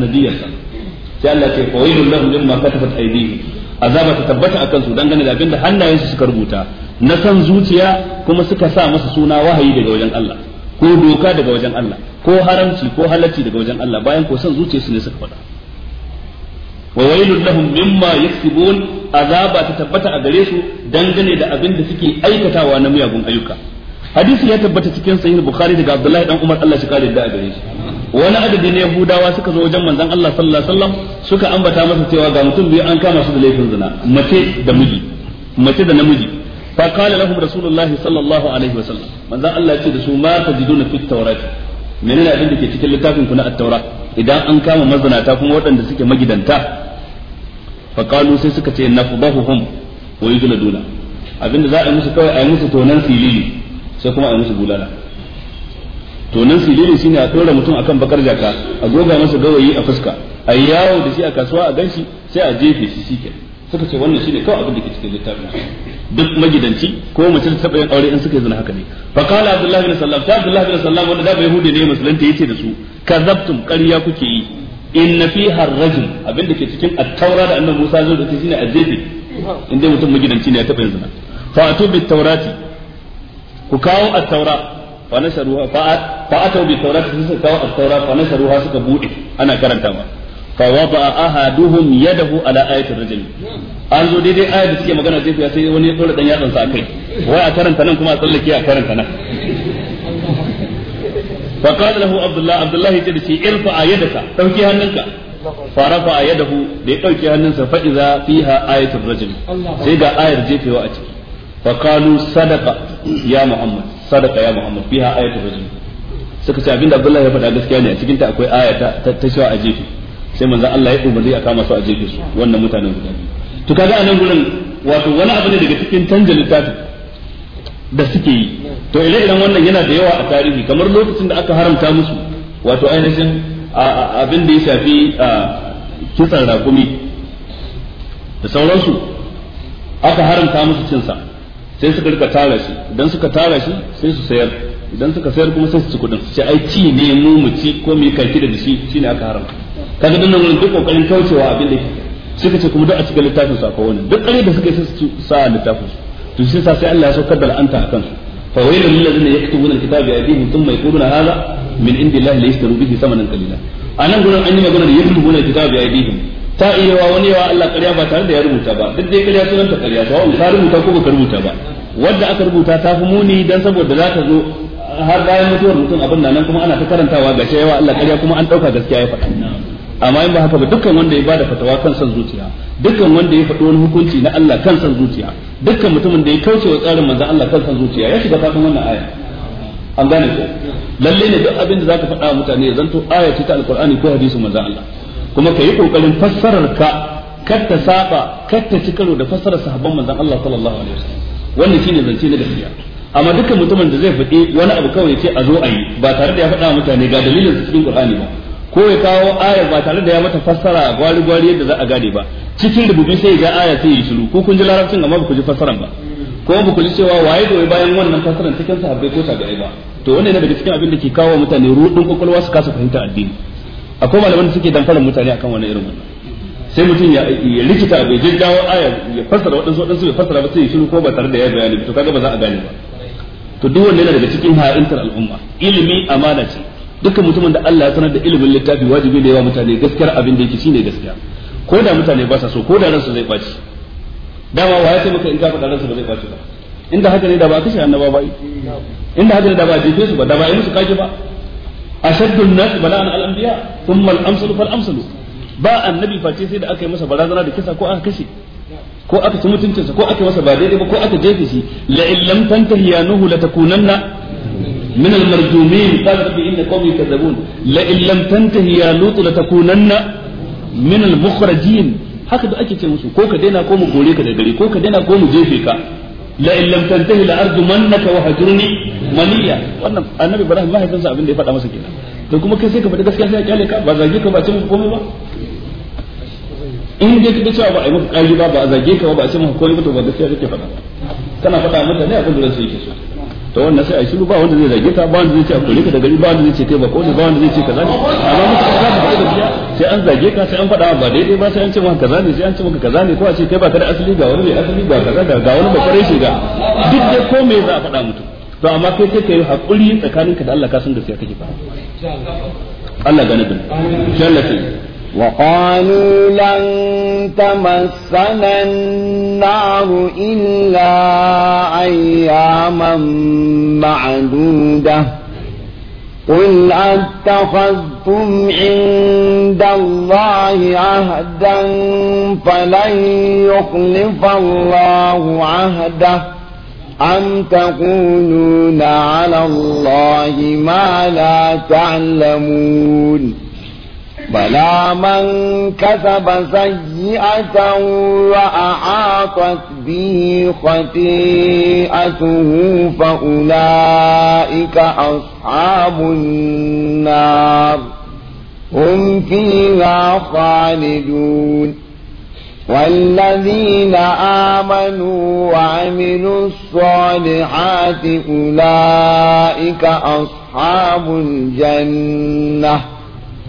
sai Allah ce fa wailul lahum mimma katabat aydihim azaba ta tabbata akan su dangane da abinda hannayensu suka rubuta na san zuciya kuma suka sa masa suna wahayi daga wajen Allah ko doka daga wajen Allah ko haramci ko halacci daga wajen Allah bayan ko son zuciya su ne suka faɗa wa wailul lahum mimma yaksubun azaba ta tabbata a gare su dangane da abin da suke aikatawa na miyagun ayyuka hadisi ya tabbata cikin sahih bukhari daga abdullahi dan umar Allah shi kare da a gare shi wani adadi ne yahudawa suka zo wajen manzon Allah sallallahu alaihi wasallam suka ambata masa cewa ga mutum biyu an kama su da laifin zina mace da miji mace da namiji fa qala lahum rasulullahi sallallahu alaihi wasallam manzo Allah ce da su ma tajiduna fit tawrat menene abin da ke cikin littafin ku na at-taura idan an kama mazanata kuma waɗanda suke magidanta fa sai suka ce nafdahuhum wa yujladuna abinda za a yi musu kawai a yi musu tonan silili sai kuma a yi musu bulala tonan silili shine a ɗora mutum akan bakar jaka a goga masa gawayi a fuska a yi yawo da shi a kasuwa a ganshi sai a jefe shi shike suka ce wannan shine kawai abin da ke cikin littafin duk magidanci ko mace ta taba yin aure in suka yi zina haka ne fa qala abdullah bin sallam ta abdullah bin sallam wanda da bai yahudi ne musulunta yace da su kazabtum ƙarya kuke yi inna fiha rajul abinda ke cikin at-taura da annabi Musa zai dace shine azabi in mutum magidanci ne ya taba yin zina fa atu bit taurati ku kawo at-taura fa nasharuha fa fa atu bit taurati suka kawo at-taura fa nasharuha suka bude ana karanta ma. fa wada ahaduhum yadahu ala ayati rajul an zo daidai ayar da suke magana zai fiya sai wani ya tsora dan yatsan sa kai wai a karanta nan kuma a tsallake a karanta nan fa qala lahu abdullah abdullah yace da shi irfa yadaka dauki hannunka fa rafa yadahu da ya dauki hannunsa fa iza fiha ayatul rajul sai ga ayar jefewa a ciki fa qalu sadaqa ya muhammad sadaqa ya muhammad fiha ayatul rajul suka ce abinda abdullah ya faɗa gaskiya ne a cikin ta akwai aya ta ta a jefe sai manzon Allah ya umarni a kama su a jefe su wannan mutanen guda biyu to kaga a nan gurin wato wani abu ne daga cikin canja littafi da suke yi to ire idan wannan yana da yawa a tarihi kamar lokacin da aka haramta musu wato ainihin abin da ya shafi kitsan rakumi da sauransu aka haramta musu cinsa sai suka rika tara shi idan suka tara shi sai su sayar idan suka sayar kuma sai su ci kudin su ce ai ci ne mu mu ci ko mu yi karki da shi shine aka haramta kaga dinnan wurin duk kokarin kaucewa abin da suka ce kuma duk a cikin littafin sa wannan duk kare da suka yi su sa littafin su to shi sa sai Allah ya saukar da anta akan su fa wailul lil ladina yaktubuna alkitaba bi thumma yaquluna hadha min indillahi layashtaru bihi samanan qalila anan gurin an yi magana da yaktubuna alkitaba bi aydihim ta iya wa wani yawa Allah ƙarya ba tare da ya rubuta ba duk dai ƙarya sunan ta ƙarya sawa'un ka rubuta ko ka rubuta ba wadda aka rubuta ta fi muni dan saboda za ta zo har bayan mutuwar mutum abin nan kuma ana ta karantawa ga cewa Allah kariya kuma an dauka gaskiya ya faɗa amma in ba haka ba dukkan wanda ya bada fatawa kan san zuciya dukkan wanda ya faɗi wani hukunci na Allah kan san zuciya dukkan mutumin da ya kauce wa tsarin manzon Allah kan san zuciya ya shiga fatan wannan aya an gane ko lalle ne duk abin da zaka faɗa wa mutane ya zanto aya ce ta alqur'ani ko hadisin manzon Allah kuma kai kokarin fassarar ka kar ta saba kar ta ci karo da fassarar sahabban manzon Allah sallallahu alaihi wasallam wannan shine zance na gaskiya amma dukkan mutumin da zai faɗi wani abu kawai ce a zo a yi ba tare da ya faɗa mutane ga dalilin cikin qur'ani ba ko ya kawo ayar ba tare da ya mata fassara gwari gwari yadda za a gane ba cikin bubi sai ga aya sai yi shiru ko kun ji larabcin amma ba ku ji fassaran ba ko ba ku ji cewa waye doye bayan wannan fassaran cikin sahabbai ko tabi'ai ba to wannan yana daga cikin abin da ke kawo mutane rudin kokolwa su kasa fahimta addini akwai malaman da suke damfarar mutane akan wannan irin wannan sai mutum ya likita bai jiddawo aya ya fassara waɗansu waɗansu bai fassara ba sai ya shiru ko ba tare da ya bayani to kaga ba za a gane ba to duk wannan yana daga cikin ha'intar al'umma ilimi amana ce dukkan mutumin da Allah ya sanar da ilimin littafi wajibi da yawa mutane gaskiyar abin da yake shine gaskiya ko da mutane ba sa so ko da ransu zai ɓaci dama wa ya taimaka in ka faɗa ransu ba zai baci ba inda haka ne da ba kashe annaba ba inda haka ne da ba jefe su ba da ba yi musu kaki ba ashaddu an-nas bala'an al-anbiya thumma al-amsalu fal-amsalu ba annabi face sai da aka yi masa barazana da kisa ko aka kashe ko aka ci mutuncinsa ko aka masa ba daidai ba ko aka jefe shi la illam tantahi ya nuhu la takunanna من المرجومين قال ربي إن قومي كذبون لئن لم تنتهي يا لوط لتكونن من المخرجين haka da ake ce musu ko ka daina ko mu gore ka da gari ko ka daina ko mu jefe ka la in lam tantahi la arjumannaka wa hajurni maliya wannan annabi ibrahim mahaifinsa abin da ya faɗa masa to kuma ka ba ka ba ba in dai kaga cewa ba a yi maka ƙari ba ba a zage ka ba ba a ce muku komai ba to ba gaskiya kake faɗa kana faɗa mutane abin da ransu yake so to wannan sai a shiru ba wanda zai zage ta ba wanda zai ce a kore ka da gari ba wanda zai ce kai ba kone ba wanda zai ce kaza ne amma mutu ka ba da biya sai an zage ka sai an faɗa ba daidai ba sai an ce maka kaza ne sai an ce maka kaza ne ko a ce kai ba ka da asali ga wani mai asali ga kaza ga wani ba shi ga duk da ko me za a faɗa mutu to amma kai sai kai hakuri tsakaninka da Allah ka san gaskiya kake ba Allah gane din Allah وقالوا لن تمسنا النار إلا أياما معدودة قل أتخذتم عند الله عهدا فلن يخلف الله عهده أم تقولون على الله ما لا تعلمون بلى من كسب سيئة وأعاطت به خطيئته فأولئك أصحاب النار هم فيها خالدون والذين آمنوا وعملوا الصالحات أولئك أصحاب الجنة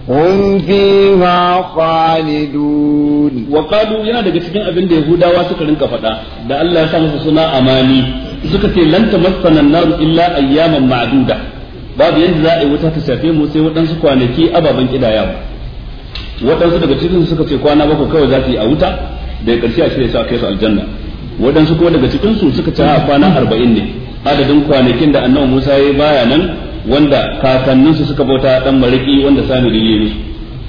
hum fiha khalidun wa qalu yana daga cikin abin da yahudawa suka rinka faɗa da Allah ya sa suna amani suka ce lan tamassana an-nar illa ayyaman ma'duda babu yanda za a yi wuta ta shafe mu sai waɗansu kwanaki ababen kidayawa waɗansu daga cikin suka ce kwana bakwai kawai za ta yi a wuta da ya karshe a shirya sa kai su aljanna waɗansu kuma daga cikin su suka ce kwana arba'in ne adadin kwanakin da annabi Musa ya baya nan wanda su suka bauta dan mariki wanda sami da ne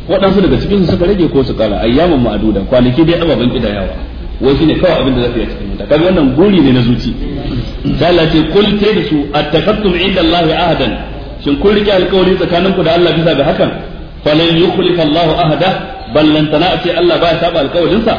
waɗansu daga cikinsu suka rage ko su kara ayyaman ma'aduda kwanaki dai ababen kidayawa wai shine kawai abin da zaka yi cikin mutaka kaga wannan guri ne na zuci sai Allah ce kul kai da su attakattum inda Allah ahadan shin kun rike alkawari tsakaninku da Allah bisa ga hakan falan yukhlifa Allah ahada ballantana a ce Allah baya saba alkawarinsa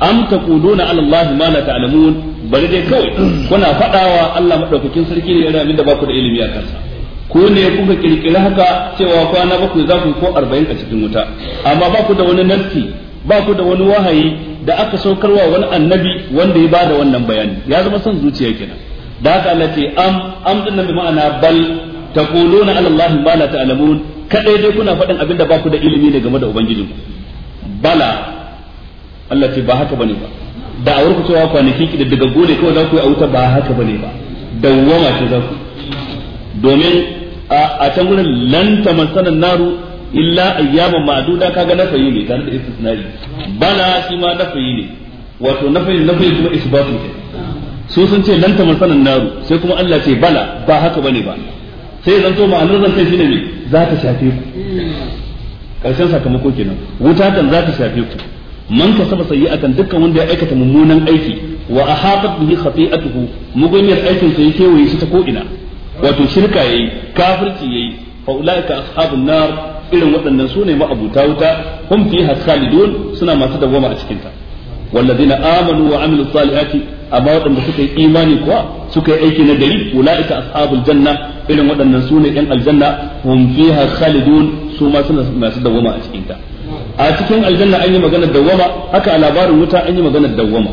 am taquluna ala Allah ma la ta'lamun bari dai kawai kuna fadawa Allah madaukakin sarki ne yana min da ba ku da ilimi a kansa ko ne kuka kirkiri haka cewa kwana bakwai za ku ko arba'in a cikin wuta amma ba ku da wani nassi ba ku da wani wahayi da aka saukarwa wani annabi wanda ya bada wannan bayani ya zama son zuciya kenan da haka Allah ce am am din bi ma'ana bal taquluna ala Allah ma la ta'lamun kadai dai kuna faɗin abinda ba ku da ilimi ne game da ku. bala Allah ce ba haka bane ba da a cewa kwanaki ki da daga gole kawai za ku yi a wuta ba haka bane ba dawwama ce za ku domin a can gurin lan tamassana naru illa ayyaman ma'duda kaga nafayi ne tare da istisnari bala shi ma nafayi ne wato na na fayi kuma isbatu ne su sun ce lan tamassana naru sai kuma Allah ce bala ba haka bane ba sai zan to ma'anar zan kai shine me za ta shafe ku karshen sakamako kenan wuta kan za ta shafe ku man kasaba sayyi'atan dukkan wanda ya aikata mummunan aiki wa ahatat bihi khati'atuhu mugumiyar aikin sa yake waye shi ta ko ina wato shirka yayi kafirci yayi fa ulaika ashabun nar irin waɗannan sune ma'abuta wuta hum fiha khalidun suna masu dawwama a cikin ta والذين آمنوا وعملوا aiki na وطن بسكة إيماني janna irin waɗannan ندري أولئك أصحاب الجنة إلى وطن نسون إن الجنة هم فيها خالدون سوما سنة A cikin أشكينتا أشكين الجنة أي مغانا دوما هكا على بار متى أي مغانا دوما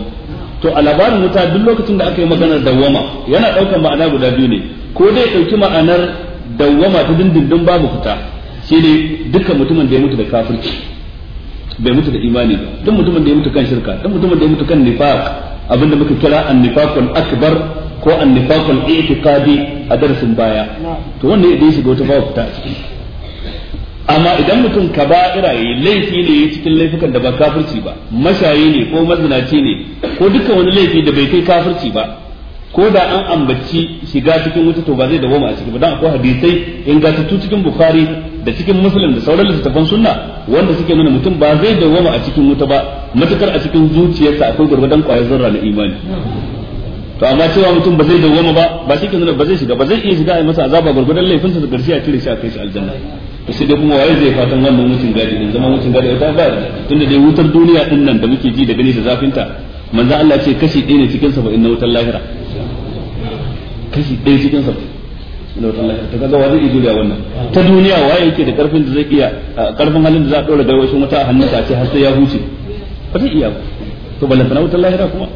to a labarin wuta duk lokacin da aka yi maganar dawwama yana ɗaukar ma'ana guda biyu ne ko dai ɗauki ma'anar dawwama ta dindindin babu fita shi ne dukkan mutumin da ya mutu da kafirci bai mutu da imani ba duk mutumin da ya mutu kan shirka duk mutumin da ya mutu kan nifaq abinda muka kira annifaqul akbar ko annifaqul i'tiqadi a darasin baya to wannan idan shiga wata babu fita a amma idan mutum kaba'ira yayi laifi ne cikin laifukan da ba kafirci ba mashayi ne ko mazinaci ne ko dukkan wani laifi da bai kai kafirci ba ko da an ambaci shiga cikin wuta to ba zai dawoma a ciki ba dan akwai hadisai tutu cikin bukhari da cikin muslim da sauran littafan sunna wanda suke nuna mutum ba zai dawoma a cikin wuta ba matukar a cikin zuciyarsa akwai gurbadan kwayar zarra na imani to amma cewa mutum ba zai dawoma ba ba shi kenan ba zai shiga ba zai iya shiga a masa azaba gurgurdan laifinsa da karshe a cire shi a kai shi aljanna to sai dai kuma waye zai fatan wannan mutum gadi din zama mutum gadi ta ba tunda dai wutar duniya din nan da muke ji da gani da zafinta manzo Allah ce kashi ɗaya ne cikin saba'in inna wutar lahira kashi ɗaya cikin sa da wata lafiya ta kaga wani izuriya wannan ta duniya waye yake da karfin da zai iya karfin halin da za a ɗora garwashin wata a hannunsa a ce har sai ya huce ba zai iya ba to ballantana wutar lahira kuma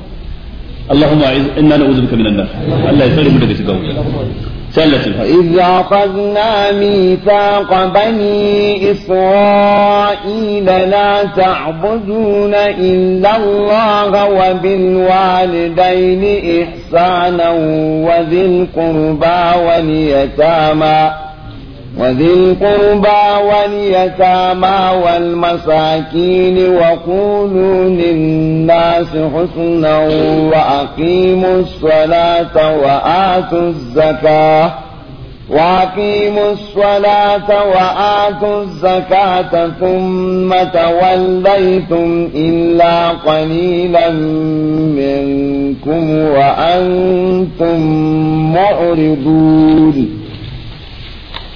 اللهم اعز انا نعوذ بك من النار الله يسلم من شقاء إذ أخذنا ميثاق بني إسرائيل لا تعبدون إلا الله وبالوالدين إحسانا وذي القربى واليتامى وذي القربى واليتامى والمساكين وقولوا للناس حسنا وأقيموا الصلاة وآتوا الزكاة وأقيموا الصلاة وآتوا الزكاة ثم توليتم إلا قليلا منكم وأنتم معرضون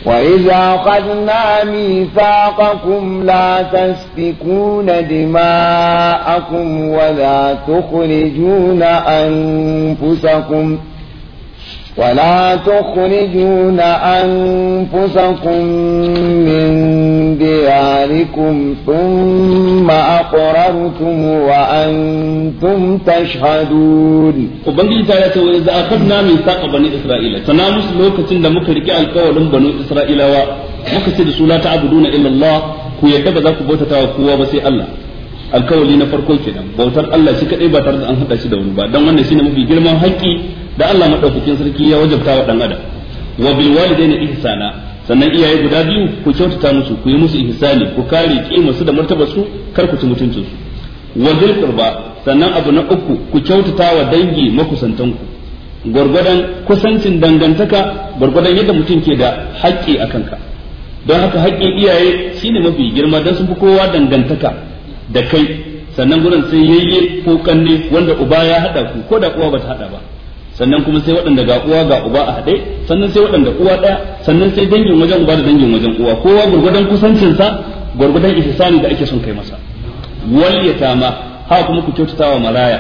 وإذا أخذنا ميثاقكم لا تسفكون دماءكم ولا تخرجون أنفسكم ولا تخرجون أنفسكم من دياركم ثم أقررتم وأنتم kuntum tashhadun ubangiji ta ce wa idza akhadna mithaqa bani isra'ila sana musu lokacin da muka rike alƙawarin banu isra'ilawa muka ce da su la ta'buduna na Allah ku yadda ba za ku bautata wa kowa ba sai Allah alkawali na farko kenan bautar Allah shi kadai ba tare da an hada shi da wani ba dan wannan shine mafi girman haƙƙi da Allah madaukakin sarki ya wajabta wa dan adam wa bil walidaini ihsana sannan iyaye guda biyu ku kyautata musu ku yi musu ihsani ku kare kima su da martabar su kar ku ci mutuncin su wa sannan abu na uku ku kyautata wa dangi makusantanku gwargwadon kusancin dangantaka gwargwadon yadda mutum ke da haƙƙi a kanka don haka haƙƙin iyaye shine mafi girma don sun fi kowa dangantaka da kai sannan gurin sai yayye ko kanne wanda uba ya haɗa ku ko da uwa bata haɗa ba sannan kuma sai waɗanda ga uwa ga uba a haɗe sannan sai waɗanda uwa ɗaya sannan sai dangin wajen uba da dangin wajen uwa kowa gwargwadon kusancinsa gwargwadon ihsani da ake son kai masa wal yatama ha kuma ku kyautata wa maraya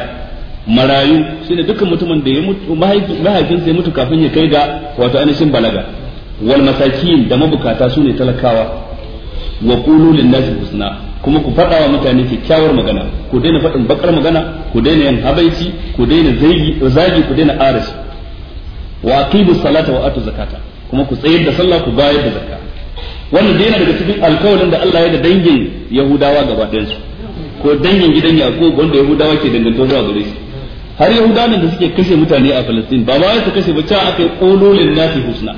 marayu shine dukkan mutumin da ya mutu mahaifinsa ya mutu kafin ya kai ga wato ainihin balaga wal masakin da mabukata sune talakawa wa qulu lin nas husna kuma ku faɗa wa mutane kyakkyawar magana ku daina faɗin bakar magana ku daina yin habaici ku daina zagi ku daina arashi wa aqimu salata wa atu zakata kuma ku tsayar da sallah ku bayar da zakka wannan dai yana daga cikin alƙawarin da Allah ya da dangin Yahudawa gaba ɗayan su ko dangin gidan Yaqub wanda Yahudawa ke dangantawa zuwa gare shi har Yahudawan da suke kashe mutane a Palestine ba ba su kashe ba ca aka yi ƙololin nasi husna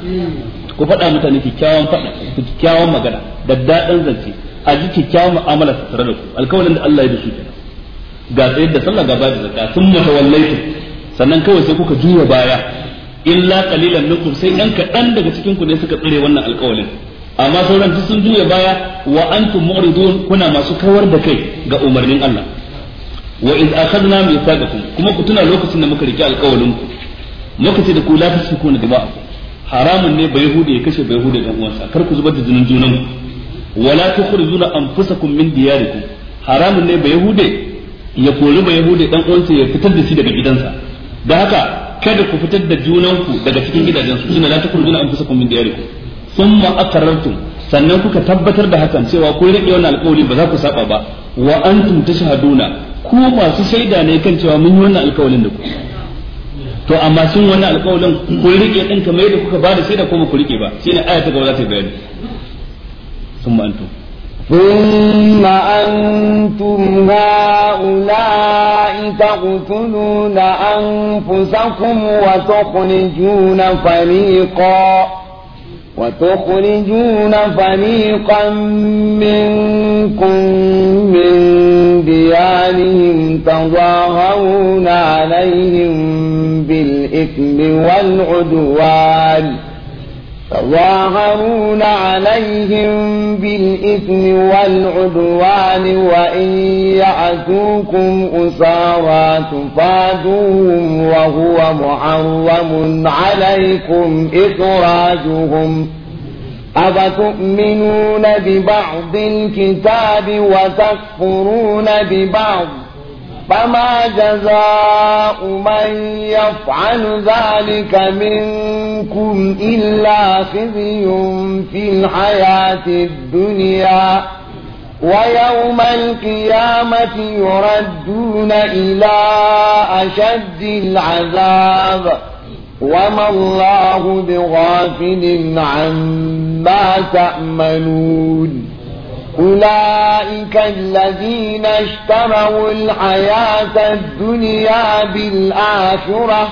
ku faɗa mutane kyakkyawan faɗa kyakkyawan magana da daɗin zance a ji kyakkyawan mu'amala su tare da ku alkawarin da Allah ya da su ga tsayar da sallah gaba da zakka sun sannan kawai sai kuka juya baya illa qalilan minkum sai ɗan kaɗan daga cikin ku ne suka tsire wannan alƙawarin amma sauran duk sun juya baya wa antum mu'ridun kuna masu kawar da kai ga umarnin Allah wa iz akhadna mithaqakum kuma ku tuna lokacin da muka rike alƙawarin ku muka ce da ku la na dima'akum haramun ne bai hude ya kashe bai hude dan uwansa kar ku zubar da jinin junan ku wala tukhrijuna anfusakum min diyarikum haramun ne bai hude ya kori bai hude dan uwansa ya fitar da shi daga gidansa da haka kada ku fitar da junanku daga cikin gidajensu shine la tukhrijuna anfusakum min diyarikum thumma aqarrartum sannan kuka tabbatar da hakan cewa ku rike wannan alƙawari ba za ku saba ba wa antum tashhaduna ku masu shaida ne kan cewa mun yi wannan alƙawarin da ku to amma sun wannan alƙawarin ku rike din kamar yadda kuka ba da shaida ko ba ku rike ba shine aya ta gaba za ta bayani thumma antum ثم أنتم هؤلاء تقتلون أنفسكم وتخرجون فريقاً وتخرجون فريقا منكم من ديارهم تظاهرون عليهم بالإثم والعدوان يتظاهرون عليهم بالإثم والعدوان وإن يعتوكم أسارا تفادوهم وهو محرم عليكم إخراجهم أفتؤمنون ببعض الكتاب وتكفرون ببعض فما جزاء من يفعل ذلك منكم إلا خزي في الحياة الدنيا ويوم القيامة يردون إلى أشد العذاب وما الله بغافل عما تأمنون أولئك الذين اشتروا الحياة الدنيا بالآخرة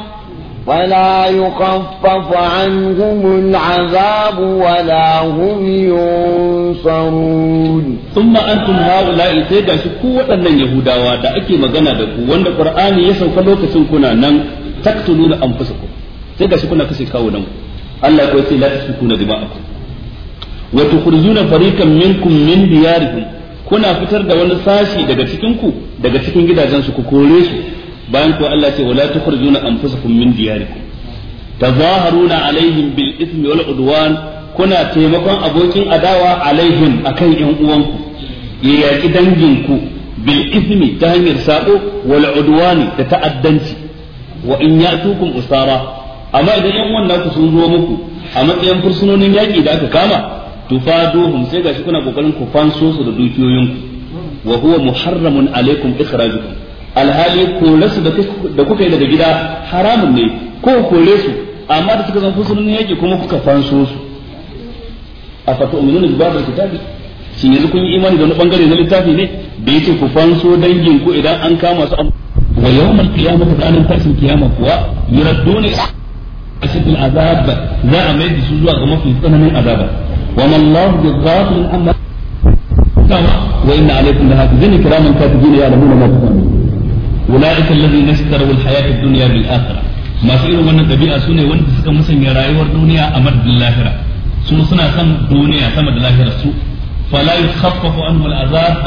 ولا يخفف عنهم العذاب ولا هم ينصرون ثم أنتم هؤلاء سيدا شكوة أن يهودا وادا أكي مغانا دكو وان القرآن يسو فلوك سنكونا نن تقتلون أنفسكم سيدا شكونا كسي كاونا الله يقول لا تسفكون دماءكم wa tukhrijuna fariqan minkum min diyarikum kuna fitar da wani sashe daga cikinku ku daga cikin gidajensu ku kore su bayan ko Allah ce wala tukhrijuna anfusakum min diyarikum tazaharuna alaihim bil ithmi wal udwan kuna taimakon abokin adawa alaihim akan yan uwanku ya yaki danginku bil ithmi ta hanyar sako wal udwani da ta'addanci wa in ya'tukum usara amma idan yan uwan naku sun zo muku a matsayin fursunonin yaki da aka kama tufaduhum sai gashi kuna kokarin ku fanso su da ku wa huwa muharramun alaikum ikhrajukum alhali kore su da kuka yi daga gida haramun ne ko kore su amma da suka zan fusulun yake kuma kuka fanso su a fata umarnin da babu kitabi shin yanzu kun yi imani da wani bangare na littafi ne da yake ku fanso dangin ku idan an kama su wa yawmal qiyamati ranar tashin kiyama kuwa yuradduna ashadul azab za a mai da su zuwa ga mafi tsananin azaba وما الله بالغافل عما وإن عليكم لحافظين كراما كاتبين يعلمون ما تفعلون أولئك الذين اشتروا الحياة الدنيا بالآخرة ما سئلوا من الطبيعة سنة وانت سكا مسن يرأي والدنيا أمد بالآخرة سنة سنة سم دنيا سم بالآخرة سوء فلا يخفف عنه العذاب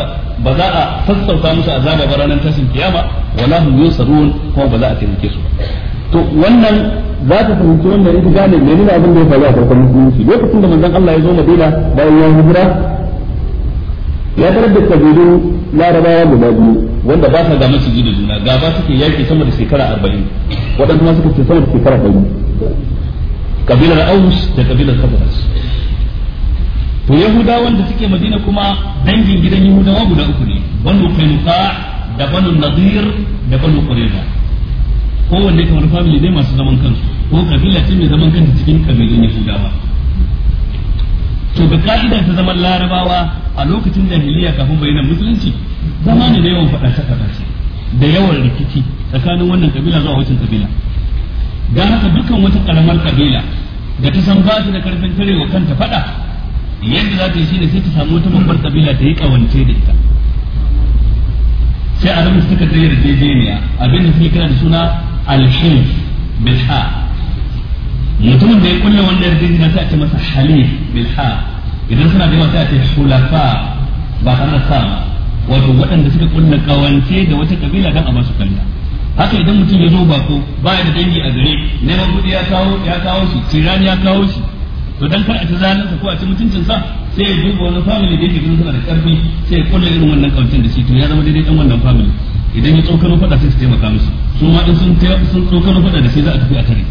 بذاء فسوتا مسا عذاب برانا تسن قيامة ولا هم ينصرون هو بذاء تنكسوا to wannan za ta fahimci wannan ita gane ne nuna abin da ya faru a farkon musulunci lokacin da manzon Allah ya zo Madina bayan ya hijira ya tarar da kabilun larabawa guda biyu wanda ba sa da maciji da juna gaba suke yaki sama da shekara arba'in waɗanda ma suka ce sama da shekara ɗari kabilar aus da kabilar kabaras to yahudawan da suke madina kuma dangin gidan yahudawa guda uku ne banu kainuka da banu nadir da banu qurayza Ko kowanne kamar family ne masu zaman kansu ko kabila ce mai zaman kanta cikin kabilun yahudawa to ga ka'ida ta zaman larabawa a lokacin jahiliya kafin bayyana musulunci zama ne da yawan faɗace faɗace da yawan rikici tsakanin wannan kabila zuwa wancan kabila ga haka dukkan wata karamar kabila da ta san ba da karfin tarewa kanta faɗa yadda za ta yi shine sai ta samu wata babbar kabila ta yi kawance da ita sai a rubuta suka tsaye da jejeniya suke kira da suna Alhin bilha ha mutumin da ya kulle wannan yarjejeniya sai a ce masa halif bilha idan suna da sai a ce hulafa ba a da sa wato waɗanda suka kulle kawance da wata kabila don a masu kalla haka idan mutum ya zo ba ko baya da dangi a gare neman kuɗi ya kawo ya kawo shi tiran ya kawo shi to dan kar a ci zalunsa ko a ci mutuncinsa sai ya duba wani family da yake ganin suna da karfi sai ya kulle irin wannan kawancin da shi to ya zama daidai ɗan wannan family idan ya tsokano fada sai su taimaka musu su ma in sun sun tsokano fada da sai za a tafi a kare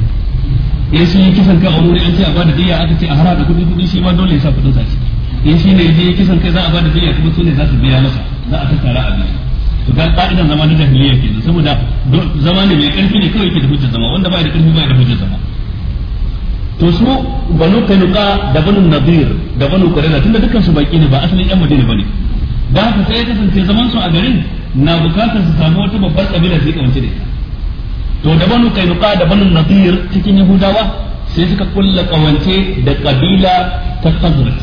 in shi kisan kai a wani an ce a bada diya aka ce a da kudi kudi shi ma dole ya sa kudin sace ci in shi ne ya kisan kai za a bada diya kuma su ne za su biya masa za a tattara a biya to ga ka'idan zama na jahiliya ne saboda zama ne mai karfi ne kawai ke da hujjar zama wanda ba da karfi ba da hujjar zama to su banu kanuka da banu nadir da banu qurayza tunda dukkan su baki ne ba asalin yan madina bane da haka sai ya kasance zaman su a garin na bukatar su samu wata babbar kabila su yi kamance da ita to da banu kainuka da banu nadir cikin yahudawa sai suka kulla kawance da kabila ta khazraj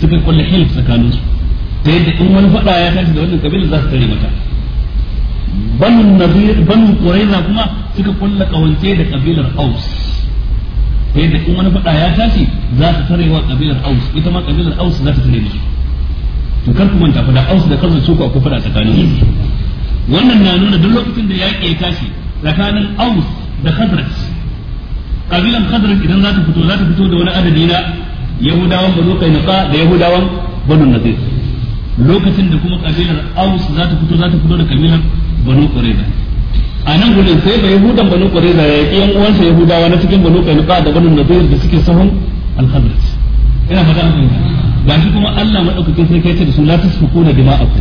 suka kulla hilf tsakanin su ta yadda in wani fada ya tashi da wannan kabila za su tare mata banu nadir banu quraiza kuma suka kulla kawance da kabilar aus ta yadda in wani fada ya tashi za su tare wa kabilar aus ita ma kabilar aus za ta tare musu to kar ku manta fada aus da kansu suka ku fada tsakanin wannan na nuna duk lokacin da yaƙi ya tashi tsakanin aus da khazraj kabilan khazraj idan za ta fito za ta fito da wani adadi na yahudawan banu kainuka da yahudawan banu nadir lokacin da kuma kabilar aus za ta fito za ta fito da kabilar banu qurayza a nan gudun sai ba yahudan banu qurayza ya yaƙi yan uwansa yahudawa na cikin banu kainuka da banu nadir da suke sahun al-khazraj ina fata an fahimta ba shi kuma Allah madaukakin sai kai ce da su la tasfukuna dima'akum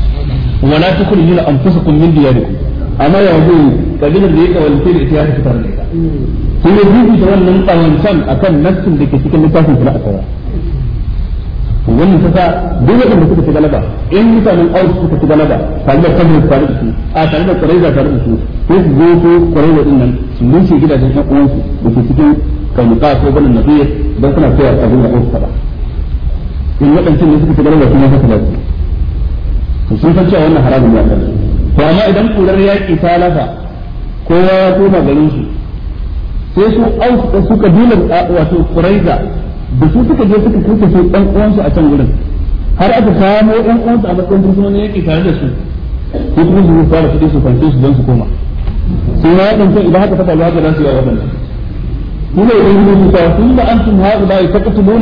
wa la tukhrijuna anfusakum min diyarikum amma zo kabilar da ya kawalce da ita ya fitar da sai sun yi rubuta wannan tsawancan akan nassin da ke cikin littafin sana'a kaza wannan ta sa duk da suka ci galaba in mutanen aure suka ci galaba tare da kabir tare da su a tare da kuraiza tare da su sai su zo su din nan su rushe gidajen ɗan uwansu da ke cikin kaunuka ko ganin don suna koyar a da aus faɗa in waɗancan ne suka shigar da kuma suka da to sun san cewa wannan haramun ya kan to amma idan kurar yaƙi ta lafa kowa ya koma garin su sai su auka su kabilar wato kuraiza da su suka je suka kuka su ɗan uwansu a can gurin har aka samo ɗan uwansu a matsayin ne yaƙi tare da su ko kuma su fara kuɗi su fanke su don su koma sai ma waɗancan idan haka fata faru haka za su yi a waɗannan kuma idan yi su sa sun ba an sun haɗu ba ya taƙa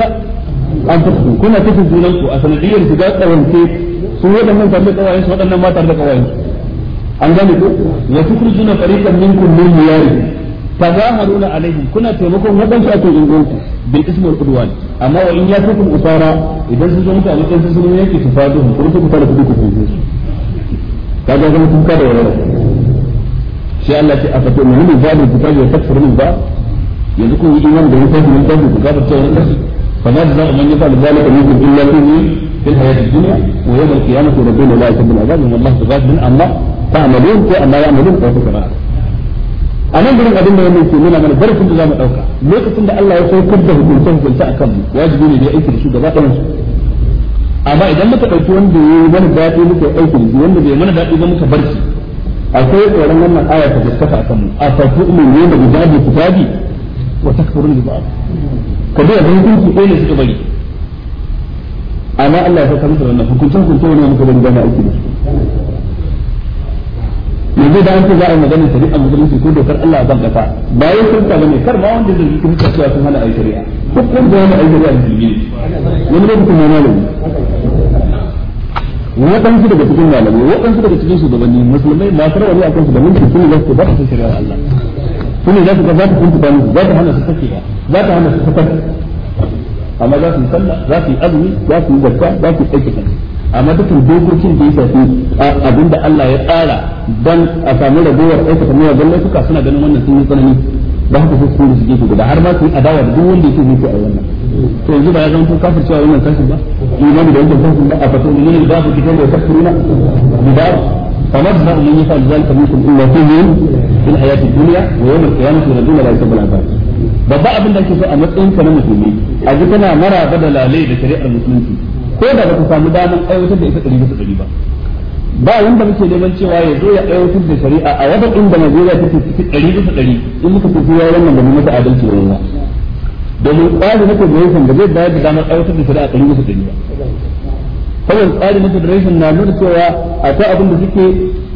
an tafi kuna cikin junan ku a sanadiyar su ga tsawance su waɗannan tafi tsawayen su waɗannan matar da kawayen an gane ko wa tukhrijuna fariqan minkum min diyarihim tazaharuna alaihim kuna taimakon waɗansu a cikin gungu bin ismar kudwan amma wa in ya fi kun usara idan sun zo muku a matsayin sun yake su kuma ku fara kudu ku fice su ka ga zama kuka da yawa shi Allah ce a fatu ne ba da kitabi ya tafsirin ba yanzu kun yi imani da wani tafi mun tafi ku gaba ta wani فما جزاء من يفعل ذلك منكم الا في في الحياه الدنيا ويوم القيامه ربنا لا يكذب العذاب ان الله بغاض عما تعملون في اما يعملون وفي كراهه a nan gurin abin da wannan ke nuna mana darasin da zamu dauka lokacin da Allah ya saukar da hukunce hukunce akan mu wajibi ne da aiki da shi gaba ɗayan su amma idan muka dauki wanda yayi mana dadi muka aiki da shi wanda bai mana dadi ba muka bar shi akwai tsoron wannan aya ta gaskata akan mu a fatu min ne da gudabi kitabi wa takfurun bi ba'd ka bi abin hukunci ɗaya ne suka bari amma Allah ya samu da wannan hukuncin hukunta wani muka bari gana aiki da su yanzu da an ce za a yi maganar shari'a musulunci ko dokar Allah a ban kasa bayan sun ta bane kar ma wanda zai yi kuma cewa sun hana a yi shari'a hukunta da wani a yi shari'a da ne wani lokacin ma malami waɗansu daga cikin malamai waɗansu daga cikin shugabanni musulmai masu rawani a kansu da mulki sun yi za su ba su shari'ar Allah su ne za su ga za ta tuntuba musu za ta hana su sakewa za ta hana su sakar amma za su yi sallah za su yi azumi za su yi zakka za su yi aiki kansu amma dukkan dokokin da ya shafi abinda Allah ya tsara dan a samu ragowar aikata miya wajen suka suna ganin wannan sun yi tsanani ba haka su su su gefe guda har ma su yi adawa da duk wanda yake zuci a wannan to yanzu ba ya zama kafir cewa wannan kashin ba imani da wannan kashin ba a fatan ne da ba ku kitan da kafiruna ba فنظهر من يفعل ذلك منكم إلا فيهم في الحياة الدنيا ويوم القيامة يردون لا يسب العباد babba abin da ake so a matsayin ka na musulmi a ji kana maraba da lalai da shari'ar musulunci ko da ba ka samu damar aiwatar da ita ɗari bisa ɗari ba ba wanda muke neman cewa ya zo ya aiwatar da shari'a a wata inda Najeriya take cikin ɗari bisa ɗari in muka tafi ya wannan da mu mata adalci da yawa domin tsari na kogiyar da zai bayar da damar aiwatar da shari'a ɗari bisa ba kawai tsarin na federation na nuna cewa akwai abin da suke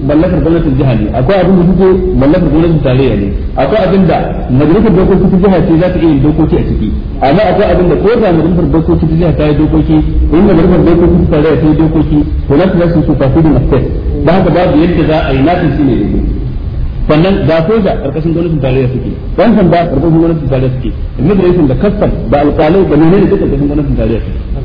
mallakar gwamnatin jiha ne akwai abin da suke mallakar gwamnatin tarayya ne akwai abin da majalisar dokoki ta jiha ce za ta iya yin dokoki a ciki amma akwai abin da ko da majalisar dokoki ta jiha ta yi dokoki in majalisar dokoki ta tarayya ta yi dokoki to na su su fasu da mafi da haka babu yadda za a yi nafin shi ne daidai sannan da karkashin gwamnatin tarayya suke wancan ba karkashin gwamnatin tarayya suke immigration da custom da alƙalai da menene duka karkashin gwamnatin tarayya suke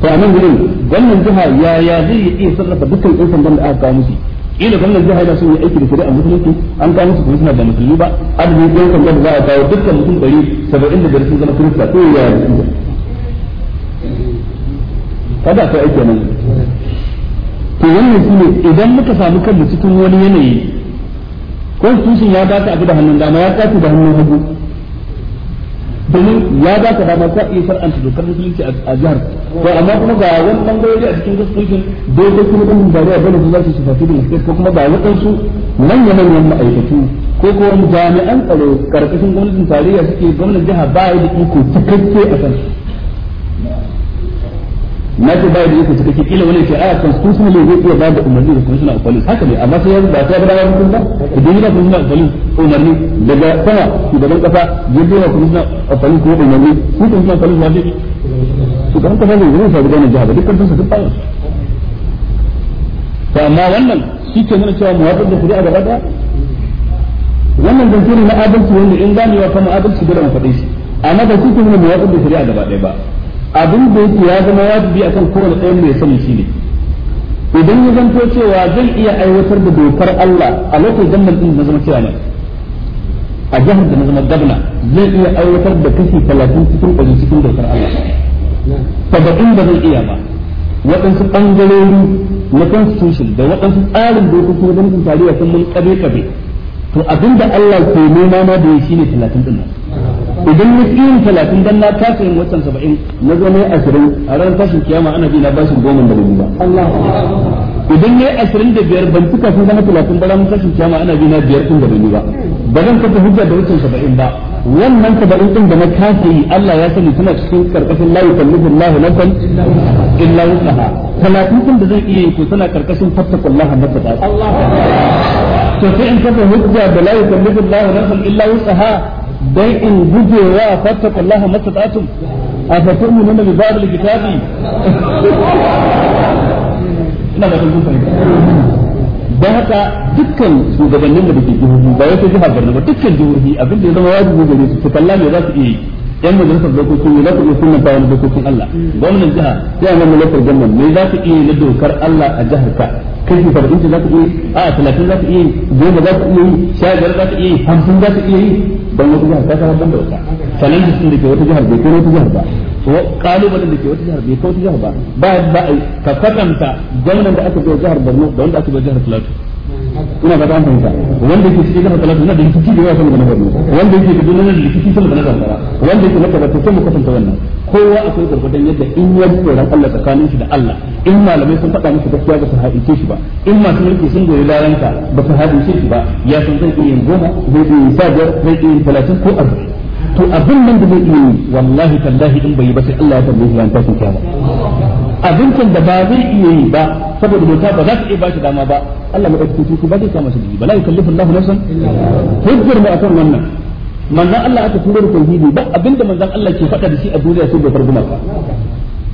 to a nan gurin gwamnan jiha ya zai iya sarrafa dukkan ɗan sandan da aka kawo musu ila gwamnan jiha yana son ya aiki da shari'a musulunci an kawo musu kuma ba musulmi ba adadin ɗan sandan da za a kawo dukkan mutum ɗari saba'in da biyar sun zama kirista to ya yi. su kada akwai aiki nan to wannan shine idan muka samu kanmu cikin wani yanayi constitution ya ba ta abu da hannun dama ya tafi da hannun hagu domin ya ba ka dama ka iya shar'anta dokar musulunci a jihar to amma kuma ga wani bangarori a cikin gaskokin daidai kuma ɗin ba zai bane su za su shafafi da gaske ko kuma ba waɗansu manya manyan ma'aikatu ko kuma jami'an tsaro karkashin gwamnatin tarayya suke gwamnatin jiha ba ya da iko cikakke a kansu na ce ba da yake suka ce kila wani ce a ah, suna zai iya ba da umarni da commissioner of police haka ne amma sai ba ta bada da mutum ba idan yana commissioner of police umarni daga sama shugaban kasa ya bai wa commissioner of police ko umarni ko kun suna police ma su kan kasa zai zai sabu gane jaha ba dukkan sun duk bayan to amma wannan shi ke nuna cewa muwafiq da shari'a gaba daya wannan zance ne na adalci wanda in ganewa kama adalci dole mu shi amma ba shi ke nuna muwafiq da shari'a gaba daya ba abin da yake ya zama wajibi akan kowane ɗayan mai sani shi ne idan ya zanto cewa zan iya aiwatar da dokar Allah a lokacin gwamnan din na zama cewa ne a jihar da na zama gabna zai iya aiwatar da kashi talatin cikin ɗari cikin dokar Allah saba'in da zan iya ba waɗansu ɓangarori na constitution da waɗansu tsarin dokoki na gwamnatin tarayya sun mun kabe ƙabe to abin da Allah ke nema ma da ya shi ne talatin ɗin nan idan na yin talatin dan na kasa yin watan saba'in na zo na ashirin a ran tashin kiyama ana bi na bashin goma da rubu ba idan na yi ashirin da biyar ban tuka sun zama talatin ba ran tashin kiyama ana bi biyar tun da rubu ba ba zan kafa hujja da watan saba'in ba wannan saba'in din da na kasa yi Allah ya sani tana cikin karkashin la yukallifu na kan. illa wusaha talatin din da zan iya yi ko tana karkashin fattakullaha nafsa Allah to sai in kafa hujja da la yukallifu na kan illa wusaha dai in guje wa fattakullaha mastata'tum afatu'minuna bi ba'd al-kitabi ina da kun fahimta dan haka dukkan shugabannin da ke jihohi ba wata ba dukkan jihohi abinda ya zama wajibi gare su za su iya yi yan majalisar ne za su iya dokokin Allah gwamnan jiha nan gwamnan za su iya na dokar Allah a jihar ka kashi saba'in za su iya a talatin za su iya goma za su iya yi sha biyar za su iya yi hamsin za su iya yi dan wata jihar ta kawo banda wata challenges din da ke wata jihar bai kai wata jihar ba so kalubalen da ke wata jihar bai kai wata jihar ba ba ba ka kwatanta gwamnan da aka zo jihar Borno da wanda aka zo jihar Plateau ina ba an fahimta wanda yake cikin kafa talatu na da rikici da yawa sama da na farko wanda yake da da rikici sama da na zamfara wanda yake maka bata sai mu kasanta wannan kowa akwai gurgurdan yadda in ya ji tsoron Allah tsakanin shi da Allah in malamai sun faɗa mishi gaskiya ba su haɗice shi ba in masu mulki sun goyi laranta ba su haɗice shi ba ya san zai iya yin goma zai iya yin sajar zai iya yin talatin ko arba'in to abin nan da zai iya yi wallahi tallahi in bai yi ba sai Allah ya tambaye shi ran tashin kiyama abincin da ba zai iya yi ba saboda bauta ba za ta iya bashi dama ba Allah madaukakin sarki ba zai kama shi ba la yukallifu Allahu nafsan hujjar mu akan wannan manzon Allah aka turo da tauhidi ba abinda manzon Allah ke faɗa da shi a duniya sai bai farguma ba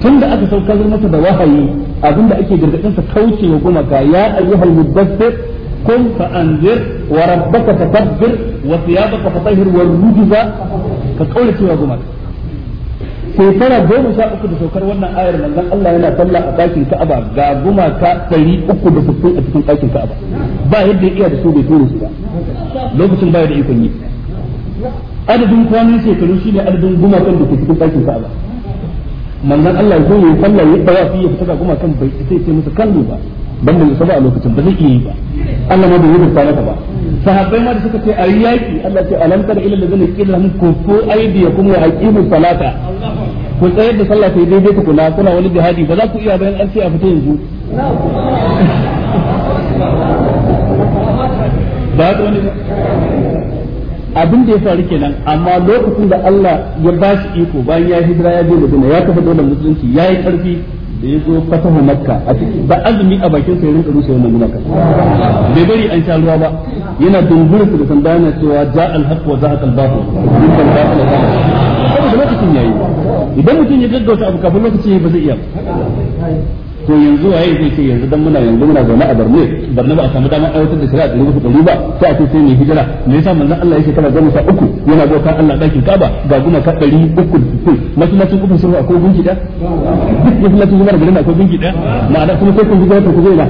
tunda aka saukar masa da wahayi abinda ake gargadin sa kauce wa gumaka ya ayyuhal mudaththir قم فأنذر وربك فكبر وثيابك Ka والرجز كقولك يا جماعه shekara goma sha uku da saukar wannan ayar dan Allah yana sallah a ka Ka'aba ga gumaka ɗari uku da sittin a cikin ka Ka'aba ba yadda iya da su bai tura su ba lokacin baya da ikon yi adadin kwanan shekaru shine adadin gumakan da ke cikin ɗakin Ka'aba manzon Allah ya zo ya sallah ya tsaya fi ya fita ga kan bai sai sai musu kallo ba ban da saba a lokacin ba zai iya yi ba Allah ma bai yi rubuta masa ba sahabbai ma da suka ce ayi yaki Allah ce alam tar ila mun ko ko aidi ya kuma aqimu salata ku tsayar da sallah ta daidai ku kula kuna wani jihadi ba za ku iya bayan an ce a fita yanzu ba ta wani abin da ya faru kenan amma lokacin da Allah ya ba shi iko bayan ya hijira ya je Madina ya kafa dole musulunci ya yi karfi da ya zo fasaha makka a cikin ba azumi a bakin sa ya rinka rusa wannan mulaka bai bari an sha ruwa ba yana dungurin su da sanda yana cewa ja al haqq wa za al dukkan batil da saboda lokacin yayi idan mutum ya gaggauta abu kafin lokaci ba zai iya to yanzu waye zai ce yanzu dan muna yanzu muna zama a Barne Barne ba a samu damar aiwatar da shari'a ɗari uku ɗari ba sai a ce sai mai hijira me yasa manzon Allah yake kana goma sha uku yana kan Allah dakin Ka'aba ga guma ka ɗari uku masu uku sun akwai gunki da duk masallacin zubar garin akwai gunki ɗaya ma'ana kuma sai kun zubar ku zai na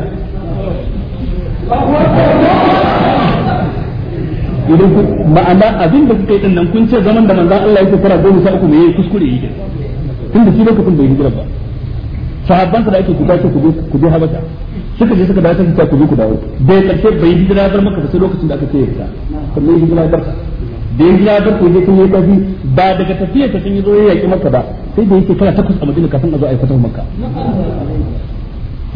idan ku ma'ana abin da kuka yi din nan kun ce zaman da manzon Allah yake kana goma sha uku me yayi kuskure yake tunda shi lokacin bai hijira ba sahabban da ake kuka ce ku je habasha suka je suka dawo suka ku je ku dawo bai karshe bai yi hijira bar maka sai lokacin da aka ce ka kuma yi hijira bar da ya hijira bar ku je kun yi tafi ba daga tafiya ta sun yi zo ya yaki maka ba sai da yake kana takwas a madina kafin a zo a yi fatan maka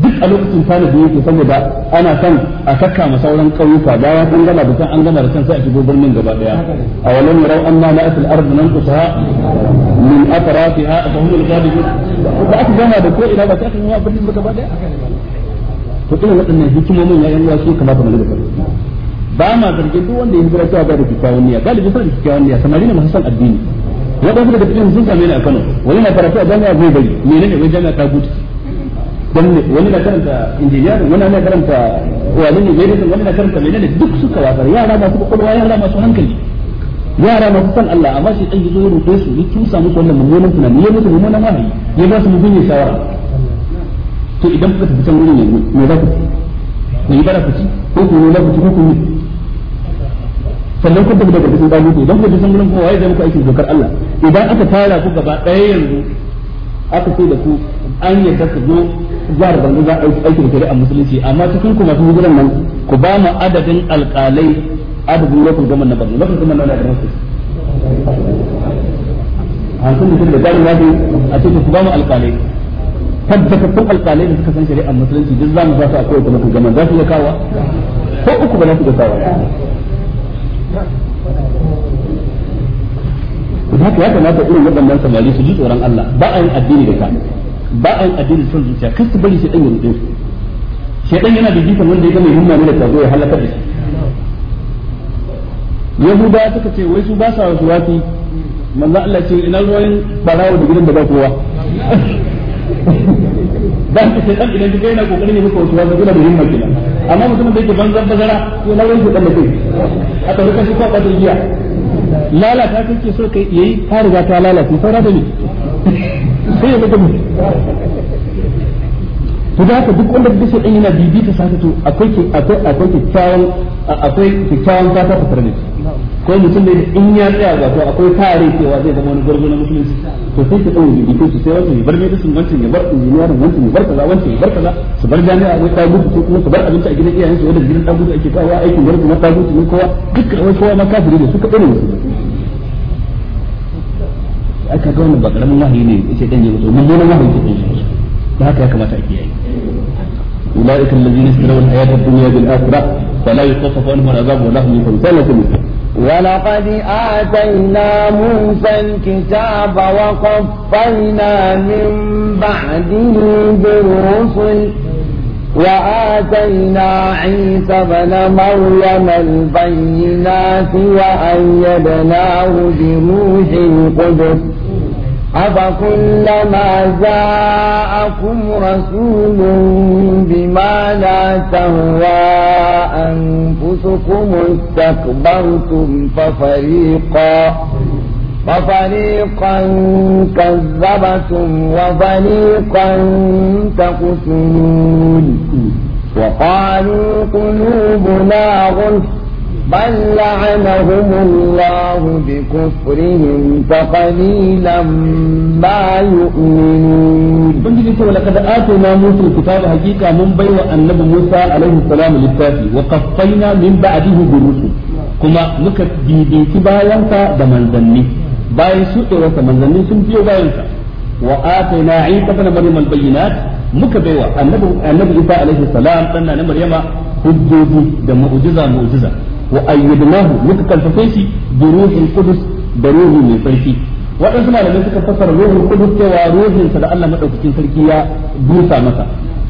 duk a lokacin tana da yake saboda ana son a saka ma sauran kauyuka ya an gama da san an gama da san sai a shigo birnin gaba daya a walan yarau anna la asl ard nan kusa min atrafiha fa hum al-ghalibun da aka gama da ko ina ba ta kan yi abin da gaba daya to irin waɗannan hikimomin ya yan wasu kamata mu lura ba ma zargin duk wanda ya hijira cewa ba da kikkiawan niyya galibi suna da kikkiawan niyya samari ne masu son addini waɗansu daga cikin sun same ni a Kano wani na karatu a jami'a zai bari menene wai jami'a ta gudu wani na karanta injiniyar wani na karanta wani ne wani na karanta ne duk suka wasar yara masu kwakwalwa yara masu hankali yara masu san Allah amma shi dan yazo ya rufe su ya tusa samu wannan mummunan tunani ya musu mummunan wahayi ya ba su mummunan shawara to idan kuka tafi can wurin yanzu me za ku ci ku yi bara ku ci ko ku nuna ku ci ko ku yi sannan kun tafi daga cikin bani ku idan kuka tafi can wurin kuma waye zai muku aikin dokar Allah idan aka tara ku gaba ɗaya yanzu aka ce da ku an yadda ku zo jihar Borno za a aikin shari'a musulunci amma cikin ku masu hijiran nan ku ba mu adadin alƙalai adadin local government na na da rasu hansun da da wadi a ce ku ba mu alƙalai alƙalai da suka san shari'ar musulunci duk za su a kowace za su ko uku ba za su haka ya kamata irin waɗannan samari su ji tsoron Allah ba a yin addini da ka ba a yin addini son zuciya kar su bari shi ɗan shi yana da wanda ya gama himma ne da tazo ya halaka da shi yahudawa suka ce wai su ba sa wasu wafi manzo Allah ce ina ruwan barawo da gidan da ba kowa dan ka ce dan idan kai na kokarin ne ko tuwa da da himma kina amma mutumin da yake banzan bazara ko na wani dan mutum a ta rukan shi ko kwatin giya lalata kake so kai yayi ka riga ta lalace saura da ni sai ya mutum ku da haka duk wanda bisa ɗin yana bibita sa to akwai akwai akwai kyakkyawan akwai kyakkyawan fata ta ne ko mutum ne in ya tsaya ga to akwai tare cewa zai zama wani gurbi na musulunci to sai ka dauki bibita su sai wannan ya bar sun wancan ya bar engineering wancan ya bar kaza wancan ya bar kaza su bar jami'a akwai ta gudu ko kuma su bar abinci a gidan iyayen su wanda gidan ta gudu ake kawo aikin gurbi na ta gudu ne kowa duk wai kowa ma kafiri ne suka dane musulunci aka ga wannan bakaramin wahayi ne yace dan ya mutu mun ne wahayi ke da haka ya kamata a kiyaye أولئك الذين يشترون الحياة الدنيا بالآخرة فلا يخفف عنهم العذاب ولا هم يحزنون ولقد آتينا موسى الكتاب وقفينا من بعده بالرسل وآتينا عيسى بن مريم البينات وأيدناه بروح القدس أفكلما جاءكم رسول بما لا تهوى أنفسكم استكبرتم ففريقا ففريقا كذبتم وفريقا تقتلون وقالوا قلوبنا غلف بل لعنهم الله بكفرهم فقليلا ما يؤمنون بل جلسوا لقد آتنا موسى الكتاب حقيقة من بيوى النبي موسى عليه السلام للتاتي وقفينا من بعده بروسه كما نكت بيبيت بايانتا دمان ذنبه bayan su ɗaya wata manzannin sun biyo bayansa wa atayna isa bin maryam al bayyinat muka baiwa annabi annabi isa alaihi salam dan na maryama hujjoji da mu'jiza mu'jiza wa ayyadnahu muka karfafe shi bi ruhil qudus da ruhi mai sarki waɗansu malamai suka fassara ruhul qudus cewa ruhin sa da Allah madaukakin sarki ya busa masa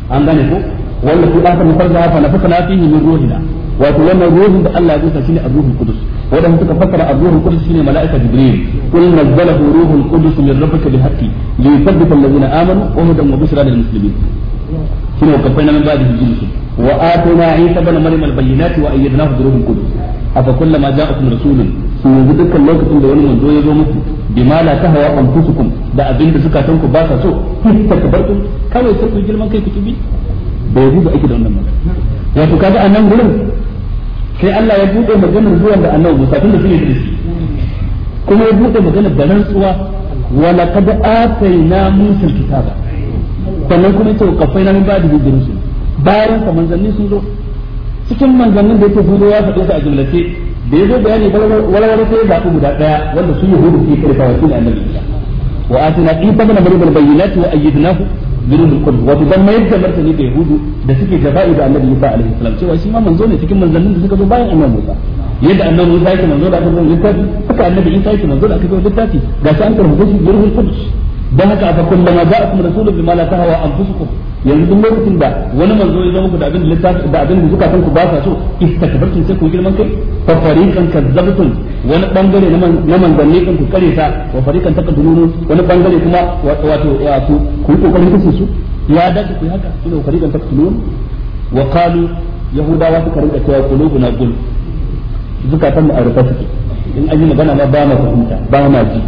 an gane ko wanda ku aka mufarda fa nafsana fihi min ruhina wato wannan ruhin da Allah ya busa shine ruhul qudus wadanda suka fassara ruhul qudus shine mala'ika jibril kul nazzalahu ruhul qudus min rabbika bihaqqi li yuthabbita na amanu wa hudan wa bushra shine kafaina min ba'di hijrihim wa atuna isa ibn maryam al-bayyinati wa ayyadnahu bi ruhil qudus afa kullama ja'akum rasulun su yanzu dukkan lokacin da wani manzo ya zo muku bima la tahwa anfusukum da abin da zukatan ku ba sa so kuka tabarku kawai sai ku girman kai ku tubi da yanzu da ake da wannan magana wato kaga a nan gurin sai Allah ya bude maganar zuwan da annabi Musa tun da shi ne kuma ya bude maganar da rantsuwa wa laqad atayna musa kitaba sannan kuma yace kafai na ba da hujjar su bayan sa manzanni sun zo cikin manzannin da yake zuwa ya faɗi su a jimlace da yazo bayani walwala sai ya zaɓi guda ɗaya wanda su yahudu ke karfa wa shine annabi wa atina isa na maryam al bayyinati wa ayyidnahu birul qudus wato dan mayar da martani da yahudu da suke jaba'i da annabi Isa alaihi salam cewa shi ma manzo ne cikin manzannin da suka zo bayan annabi Musa yadda annabi Musa yake manzo da aka zo littafi haka annabi Isa yake manzo da aka zo littafi ga shi an karɓi shi birul qudus dan haka fa kullama bi rasulun bima la tahwa anfusukum yanzu duk lokacin da wani manzo ya zama ku da abin littafi da abin da zukatan ku ba sa so istakbartum sai ku girman kai fa fariqan kazzabtum wani bangare na na manzanni kan ku kare ta wa fariqan takadunun wani bangare kuma wato wato ku kokarin kace su ya dace ku haka ina fariqan takadunun wa qalu yahudawa suka rinka cewa qulubuna gul zukatan mu a rufe suke in an magana ma ba ma fahimta ba ma ji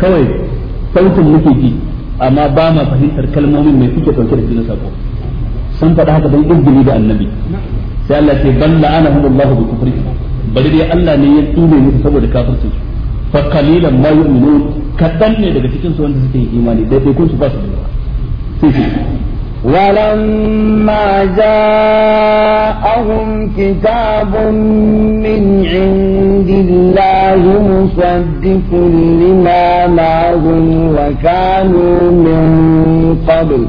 kawai sautin muke ji amma ba ma fahimtar kalmomin mai suke dauke da cikin sako sun faɗa haka don izgili da annabi sai Allah ce ban la'anahum Allah bi kufri bari dai Allah ne ya tsine musu saboda kafircin su fa qalilan ma yu'minun kadan ne daga cikin su wanda suke imani dai dai kun su ba su da sai ولما جاءهم كتاب من عند الله مصدق لما معهم وكانوا من قبل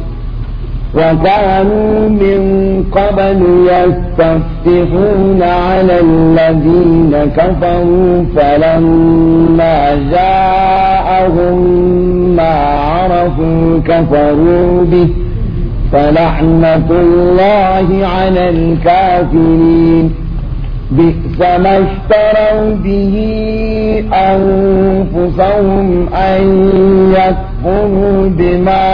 وكانوا من قبل يستفتحون على الذين كفروا فلما جاءهم ما عرفوا كفروا به فلعنة الله على الكافرين بئس ما اشتروا به أنفسهم أن يكفروا بما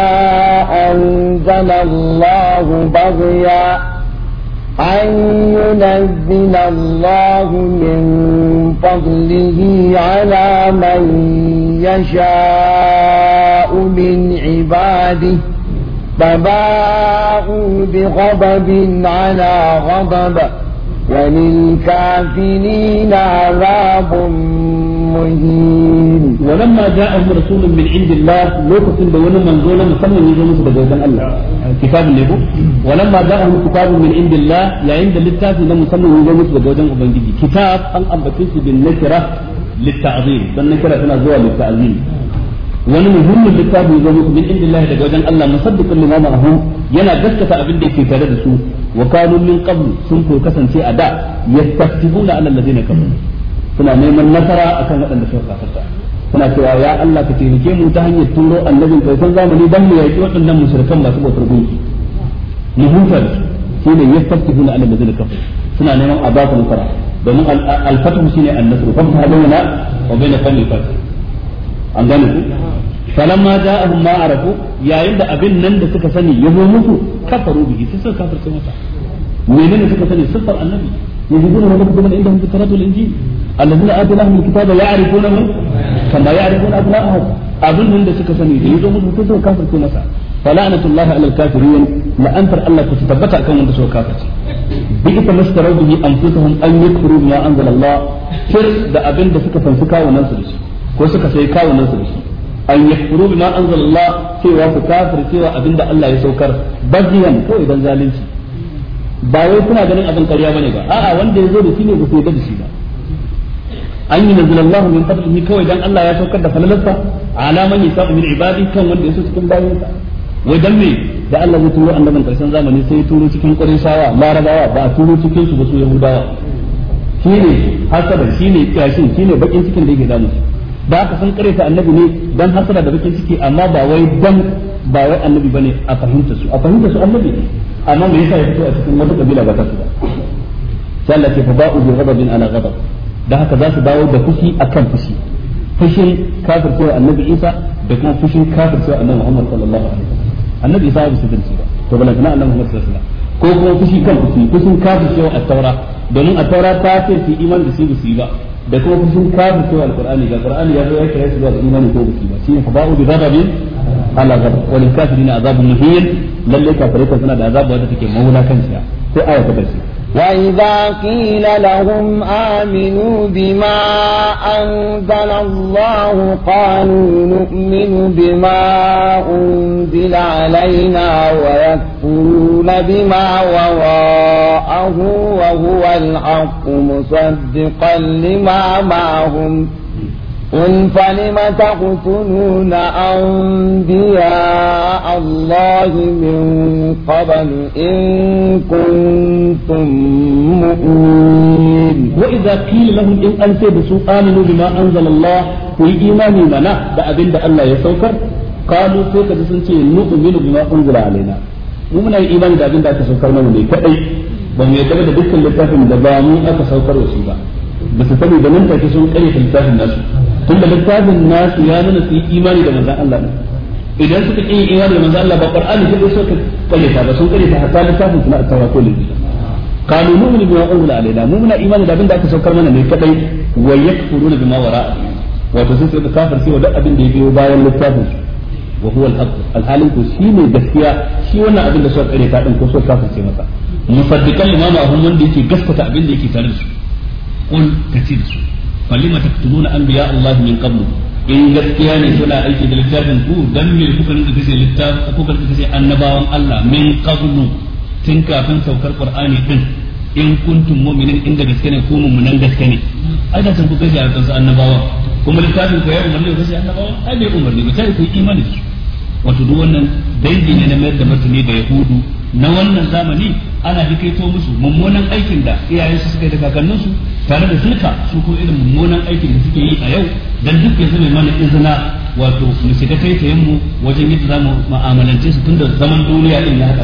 أنزل الله بغيا أن ينزل الله من فضله على من يشاء من عباده فباءوا بغضب على غضب وللكافرين عذاب مهين ولما جاءهم رسول من عند الله لوكس دون من دون مسمى يجون سبجوزان الله كتاب له ولما جاءهم كتاب من عند الله يا عند للتاف لم مسمى يجون سبجوزان أبنجي كتاب أن أبكيس بالنكرة للتعظيم بالنكرة تنزوى للتعظيم wani muhimmin littafi ya zo musu min indillahi daga wajen Allah musaddiqan lima ma'ahum yana gaskata abin da yake tare da su wa kanu min qabl sun ko kasance a da yastafibuna ala alladhina kafaru suna neman nasara akan waɗanda suka kafarta suna cewa ya Allah ka taimake mu ta hanyar turo annabin karshen zamani dan mu yaki waɗannan mushrikan masu bautar gunki mu huta da su ne yastafibuna ala alladhina kafaru suna neman a ba su nasara domin al-fathu shine an-nasr fa hadaina wa baina fanni fath an gane ku falamma ja'ahum ma arafu yayin da abin nan da suka sani ya zo musu kafaru bihi sai suka kafirce masa menene suka sani siffar annabi يجدون ما كتب عندهم في التوراة والإنجيل الذين آتيناهم الكتاب يعرفونه كما يعرفون أبناءهم أظن عند سكسني يجدون من كتب كافر في مسا فلعنة الله على الكافرين لأنفر الله تتبتع كون عند سوى كافر بئس ما اشتروا به أنفسهم أن يكفروا ما أنزل الله كر da abin da suka fansu kawo nan su ko suka sai kawo nan su an yakfuru an anzalallah cewa su kafir cewa abinda Allah ya saukar baziyan ko idan zalunci ba wai kuna ganin abin ƙarya bane ba a'a wanda ya zo da shi ne ku yarda da shi ba an yi nazalallahu min fadlihi kawai dan Allah ya saukar da falalarsa ala man yasabu min ibadi kan wanda yaso cikin bayinsa wai dan me da Allah ya turo annaban karshen zamani sai ya turo cikin qurayshawa larabawa ba a turo cikin su ba su yahudawa shine hasaban shine kashin shine bakin cikin da yake zamu. ka san kare ta annabi ne dan hasara da bakin ciki amma ba wai dan ba wai annabi bane a fahimta su a fahimta su annabi ne amma me yasa ya fito a cikin wata kabila ba ta su ba sai Allah ke fa ba'u bi ghadabin ala ghadab da haka za su dawo da fushi akan fushi fushin kafircewa annabi Isa da kuma fushin kafircewa annabi Muhammad sallallahu alaihi wasallam annabi Isa bai su ba to balantana annabi Muhammad sallallahu alaihi wasallam ko kuma fushi kan fushi fushin kafin cewa a taura domin a taura ta ce su iman da su ba su ba da kuma fushin kafin cewa alqur'ani ga qur'ani ya zo ya kira su zuwa imani ko buki ba shine faba'u bi ghadabin ala ghadab wa lil kafirin azabun muhin lalle kafirai suna da azab wanda take mawula kan shi sai aya ta karshe وإذا قيل لهم آمنوا بما أنزل الله قالوا نؤمن بما أنزل علينا ويكفرون بما وراءه وهو الحق مصدقا لما معهم قل فلم تقتلون أنبياء الله من قبل إن كنتم مؤمنين وإذا قيل لهم إن أنسبسوا آمنوا بما أنزل الله في إيمان منا بأبن الله يسوكر قالوا سيكا بسنتي نؤمن بما أنزل علينا ومن الإيمان بأبن الله يسوكر نؤمن كأي بم يتبدأ بكل لتافن دبامي أكسوكر وسيبا بس تبدأ من تكسون أي لتافن الناس tunda littafin nasu ya nuna su yi imani da manzon Allah ne idan suka yi imani da manzon Allah ba Qur'ani sai suka ta ba sun ta hatta littafin suna tawra ko linjila قالوا نؤمن بما أنزل علينا مؤمن إيمان da da aka saukar mana ne kadai wa yakfuruna bima wara'a wato sun suka kafir sai duk abin da ya biyo bayan littafin wa huwa al-haq al-alim ko shine gaskiya shi wannan abin da suka kare ta din ko suka kafir sai masa musaddiqan limama ahum wanda yake gaskata abin da yake tare da su kun tace da su falima taktubuna anbiya Allah min qablu in gaskiya ne kuna aiki da littafin ku dan me kuka rinka kace littafin kuka rinka kace annabawan Allah min qablu tun kafin saukar Qur'ani din in kuntum mu'minin inda gaske ne ko mu'minan gaske ne ai da san kuka ga kansu annabawa kuma littafin ku ya umarni ku kace annabawa ai bai umarni ba sai ku imani wato duk wannan dangi ne na mayar da martani da yahudu na wannan zamani ana hikaito musu mummunan aikin da iyayensu suka yi da kakanninsu tare da zulka su kuma irin mummunan aikin da suke yi a yau dan duk ya ma mana izina wato mu shiga ta mu wajen yadda zamu mu'amalance su tun da zaman duniya din ya haka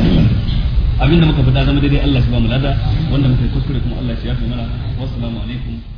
abinda muka faɗa zama daidai Allah shi ba mu lada wanda muka kuskure kuma Allah ya fi mana wassalamu alaikum